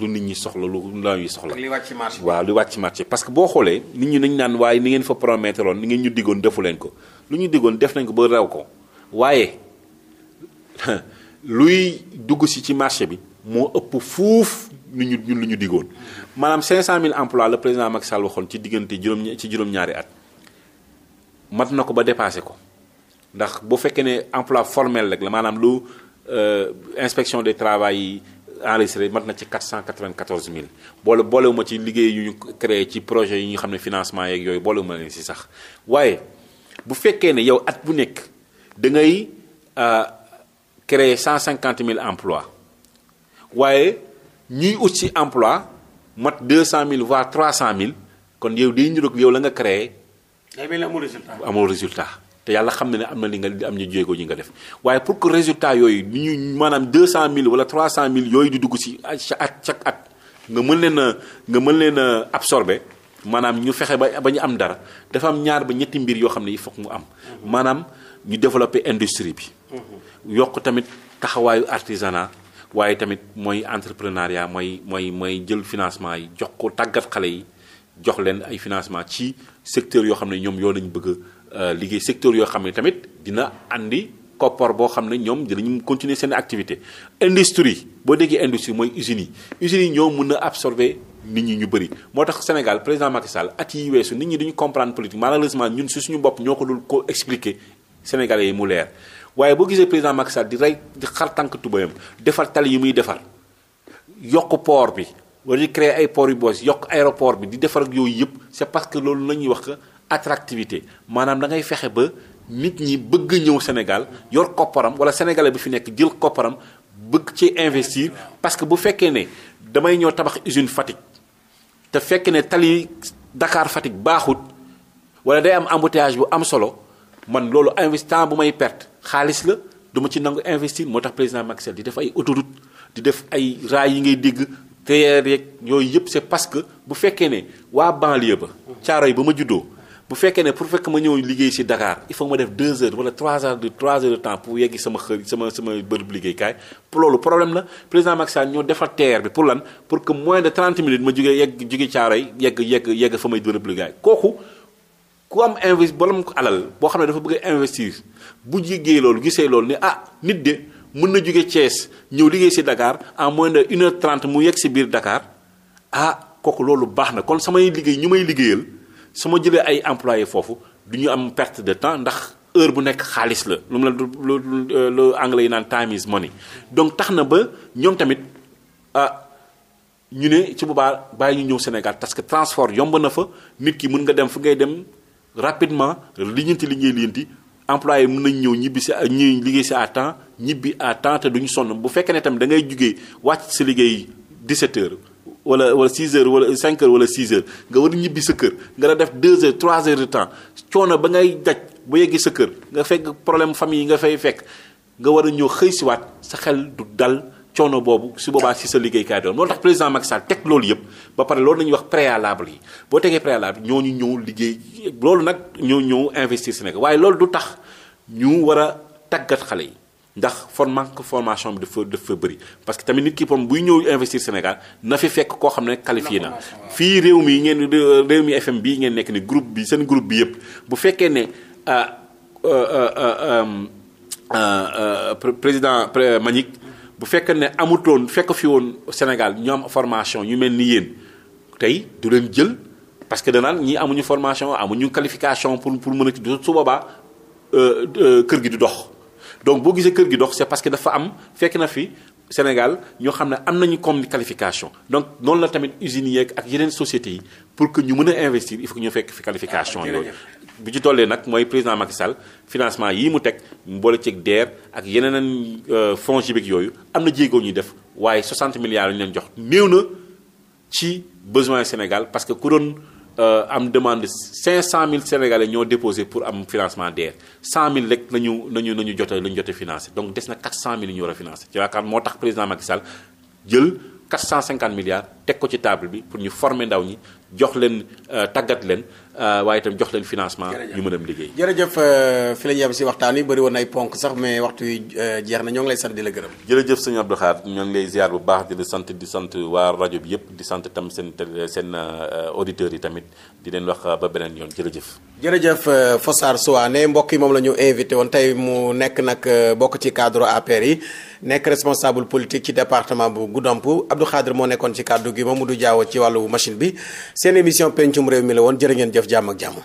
lu nit ñi soxla lu ndaw yi soxla. li wàcc marché waaw li wàcc marché parce que boo xoolee nit ñi dañu naan waaye ni ngeen fa promettre woon ni ngeen ñu diggoon defu leen ko lu ñu diggoon def nañ ko ba rew ko waaye luy dugg si ci marché bi moo ëpp fuuf nu ñu ñun lu ñu diggoon maanaam 500000 emplois la président Macky Sall waxoon ci diggante juróom ci juróom-ñaari at mat na ko ba dépassé ko. ndax boo fekkee ne emploi formel rek la maanaam lu euh, inspection des travail yi enregistré mat na ci mille 000 boole boolewuma ci liggéey yu ñu créé ci projet yi ñu xam ne financement yeeg yooyu boolewuma leen si sax waaye bu fekkee ne yow at bu nekk da ngay créer 150 000 emplois waaye ñuy ut si emploi mat 200 000 voire cent 000 kon yow day ñu yow la nga créé. day mel ni amul résultat amul résultat. te yàlla xam na ne am na li nga am ñu jéego yi nga def waaye pour que résultat yooyu ñu maanaam deux cent mille wala trois cent mille yooyu di dugg si chaque at chaque at nga mën leen a nga mën leen a absorber maanaam ñu fexe ba ba ñu am dara dafa am ñaar ba ñetti mbir yoo xam ne il faut mu am maanaam ñu développer industrie bi yokk tamit taxawaayu artisanat waaye tamit mooy entrepreneuriat mooy mooy mooy jël financement yi jox ko tàggat xale yi jox leen ay financement ci secteur yoo xam ne ñoom yoo lañ bëgg Euh, liggéey secteur yoo xam ne tamit dina andi koppar boo xam ne ñoom dinañu continuer seen activité industrie boo déggee industrie mooy usines yi usines yi ñoo mën a absorber nit ñi ñu bëri moo tax Sénégal président Macky Sall at yi weesu nit ñi dañu comprendre politique malheureusement ñun si suñu bopp ñoo ko dul ko expliquer Sénégalais yi mu leer waaye boo gisee président Macky Sall di rey di xar tànk tubayam defar tali yi muy defar yokk poor bi wala di créer ay port yu boos yokk bi di defar ak yooyu yëpp c'est parce que loolu la ñuy wax que attractivité maanaam da ngay fexe ba nit ñi bëgg ñëw Sénégal yor kopparam wala sénégalais bi fi nekk jël kopparam bëgg ci investir parce que bu fekkee ne damay ñëw tabax usine Fatick te fekkee ne tali Dakar Fatick baaxut wala day am embouteillage bu am solo man loolu investissement bu may perte xaalis la duma ci nangu investir moo tax président Macky Sall di def ay autoroute di def ay raay yi ngay digg TER yeeg yooyu yëpp c'est parce que bu fekkee ne waa banlieue ba. bu fekkee ne pour fekk ma ñëw liggéey si Dakar il faut ma def deux heures wala trois heures de trois heures de temps pour yegg sama xër sama bërëb liggéeykaay pour loolu problème la président Macky Sall ñoo defar TER bi pour lan pour que moins de trente minutes ma jugee yegg jugee Caaroy yegg yegg yegg fa may bërëb liggéey kooku ku am invest bolam ko alal boo xam ne dafa bëgg a investir bu jigéey loolu gisee loolu ne ah nit de mën na jóge Thiès ñëw liggéey si Dakar en moins de une heure mu yegg ci biir Dakar ah kooku loolu baax na kon samay liggéey ñu may liggéeyal su ma jëlee ay employé foofu du ñu am perte de temps ndax heure bu nekk xaalis la lu mu la lu euh, lu anglais yi naan time is money donc tax na ba ñoom tamit ah ñu ne ci boobaa bàyyi ñu ñëw Sénégal parce que transport yomb na fa nit ki mun nga dem fu ngay dem rapidement liggéeyanti li ngay liggéeyanti employé mën nañ ñëw ñibbi si ñi liggéey si à temps ñibbi à temps te duñu sonn bu fekkee ne tamit dangay ngay wàcc si liggéey 17 heures wala wala 6 heures wala 5 heures wala 6 heures nga war a ñibbi sa kër nga la def 2 heures 3 heures de temps coono ba ngay daj bu yeggi sa kër nga fekk problème famille yi nga fay fekk nga war a ñëw xëy siwaat sa xel du dal coono boobu su boobaa si sa liggéeykaay doon moo tax président mag Sall teg loolu yëpp ba pare loolu nañuy wax préalable yi boo tegee préalable ñooñu ñëw liggéey loolu nag ñoo ñëw investir Sénégal waaye loolu du tax ñu war a tàggat xale yi ndax for formation bi dafa dafa bëri parce que tamit nit ki pom buy ñëw investir Sénégal na fi fekk koo xam ne qualifié na fii réew mi ngeen réew mi FM bii ngeen nekk ni groupe bi seen groupe bi yëpp bu fekkee ne euh, euh, euh, président Manick bu fekkee ne amutoon fekk fi woon Sénégal ñu am formation ñu mel ni yéen tey du leen jël parce que danaan ñi amuñu formation amuñu qualification pour pour mën a su boobaa kër gi di dox donc boo gisee kër gi dox c'est parce que dafa am fekk na fi Sénégal ñoo xam ne am nañu comme qualification donc noonu la tamit usine yeeg ak yeneen sociétés yi pour que ñu mën a investir il faut ñu fekk fi qualification ah, yooyu bi ci tollee nag mooy président Macky Sall financement yii mu teg mboole ceeg DER ak yeneen euh, fonds jibik yooyu am na jéegoo ñuy def waaye 60 milliards yu ñu leen jox néew na ci besoin Sénégal parce que ku Euh, am demande cinq cent mille sénégalais ñoo déposé pour am financement DER cent mille rek la ñu la ñu la ñu jote la ñu jote financé donc des na quatre cent mille ñu war a financé ci yaakaar moo tax président Macky Sall jël quatre cent cinquante milliards teg ko ci table bi pour ñu former ndaw ñi jox leen euh, tàggat leen euh, waaye itam jox leen financement. ñu mën a liggéey. jërëjëf euh, fi la ñu yem si waxtaan wi bëri woon ay ponk sax mais waxtu yi jeex na ñoo ngi lay sant di la gërëm. jërëjëf sëñ Abdou ñoo ngi lay bu baax di la di sant waa rajo bi yëpp di sant tam seen seen auditeurs yi tamit di leen wax ba beneen yoon jërëjëf. jërëjëf Fossar Souane mbokk yi moom la ñu invité woon tey mu nekk nag bokk ci cadre APR yi nekk responsable politique ci département bu Goudomp Abdou Khadre moo nekkoon ci cadre gi Mamadou Diaw ci wàllu machine bi seen émission pencum réew mi la woon jërë ngeen jëf jàmm ak jàmm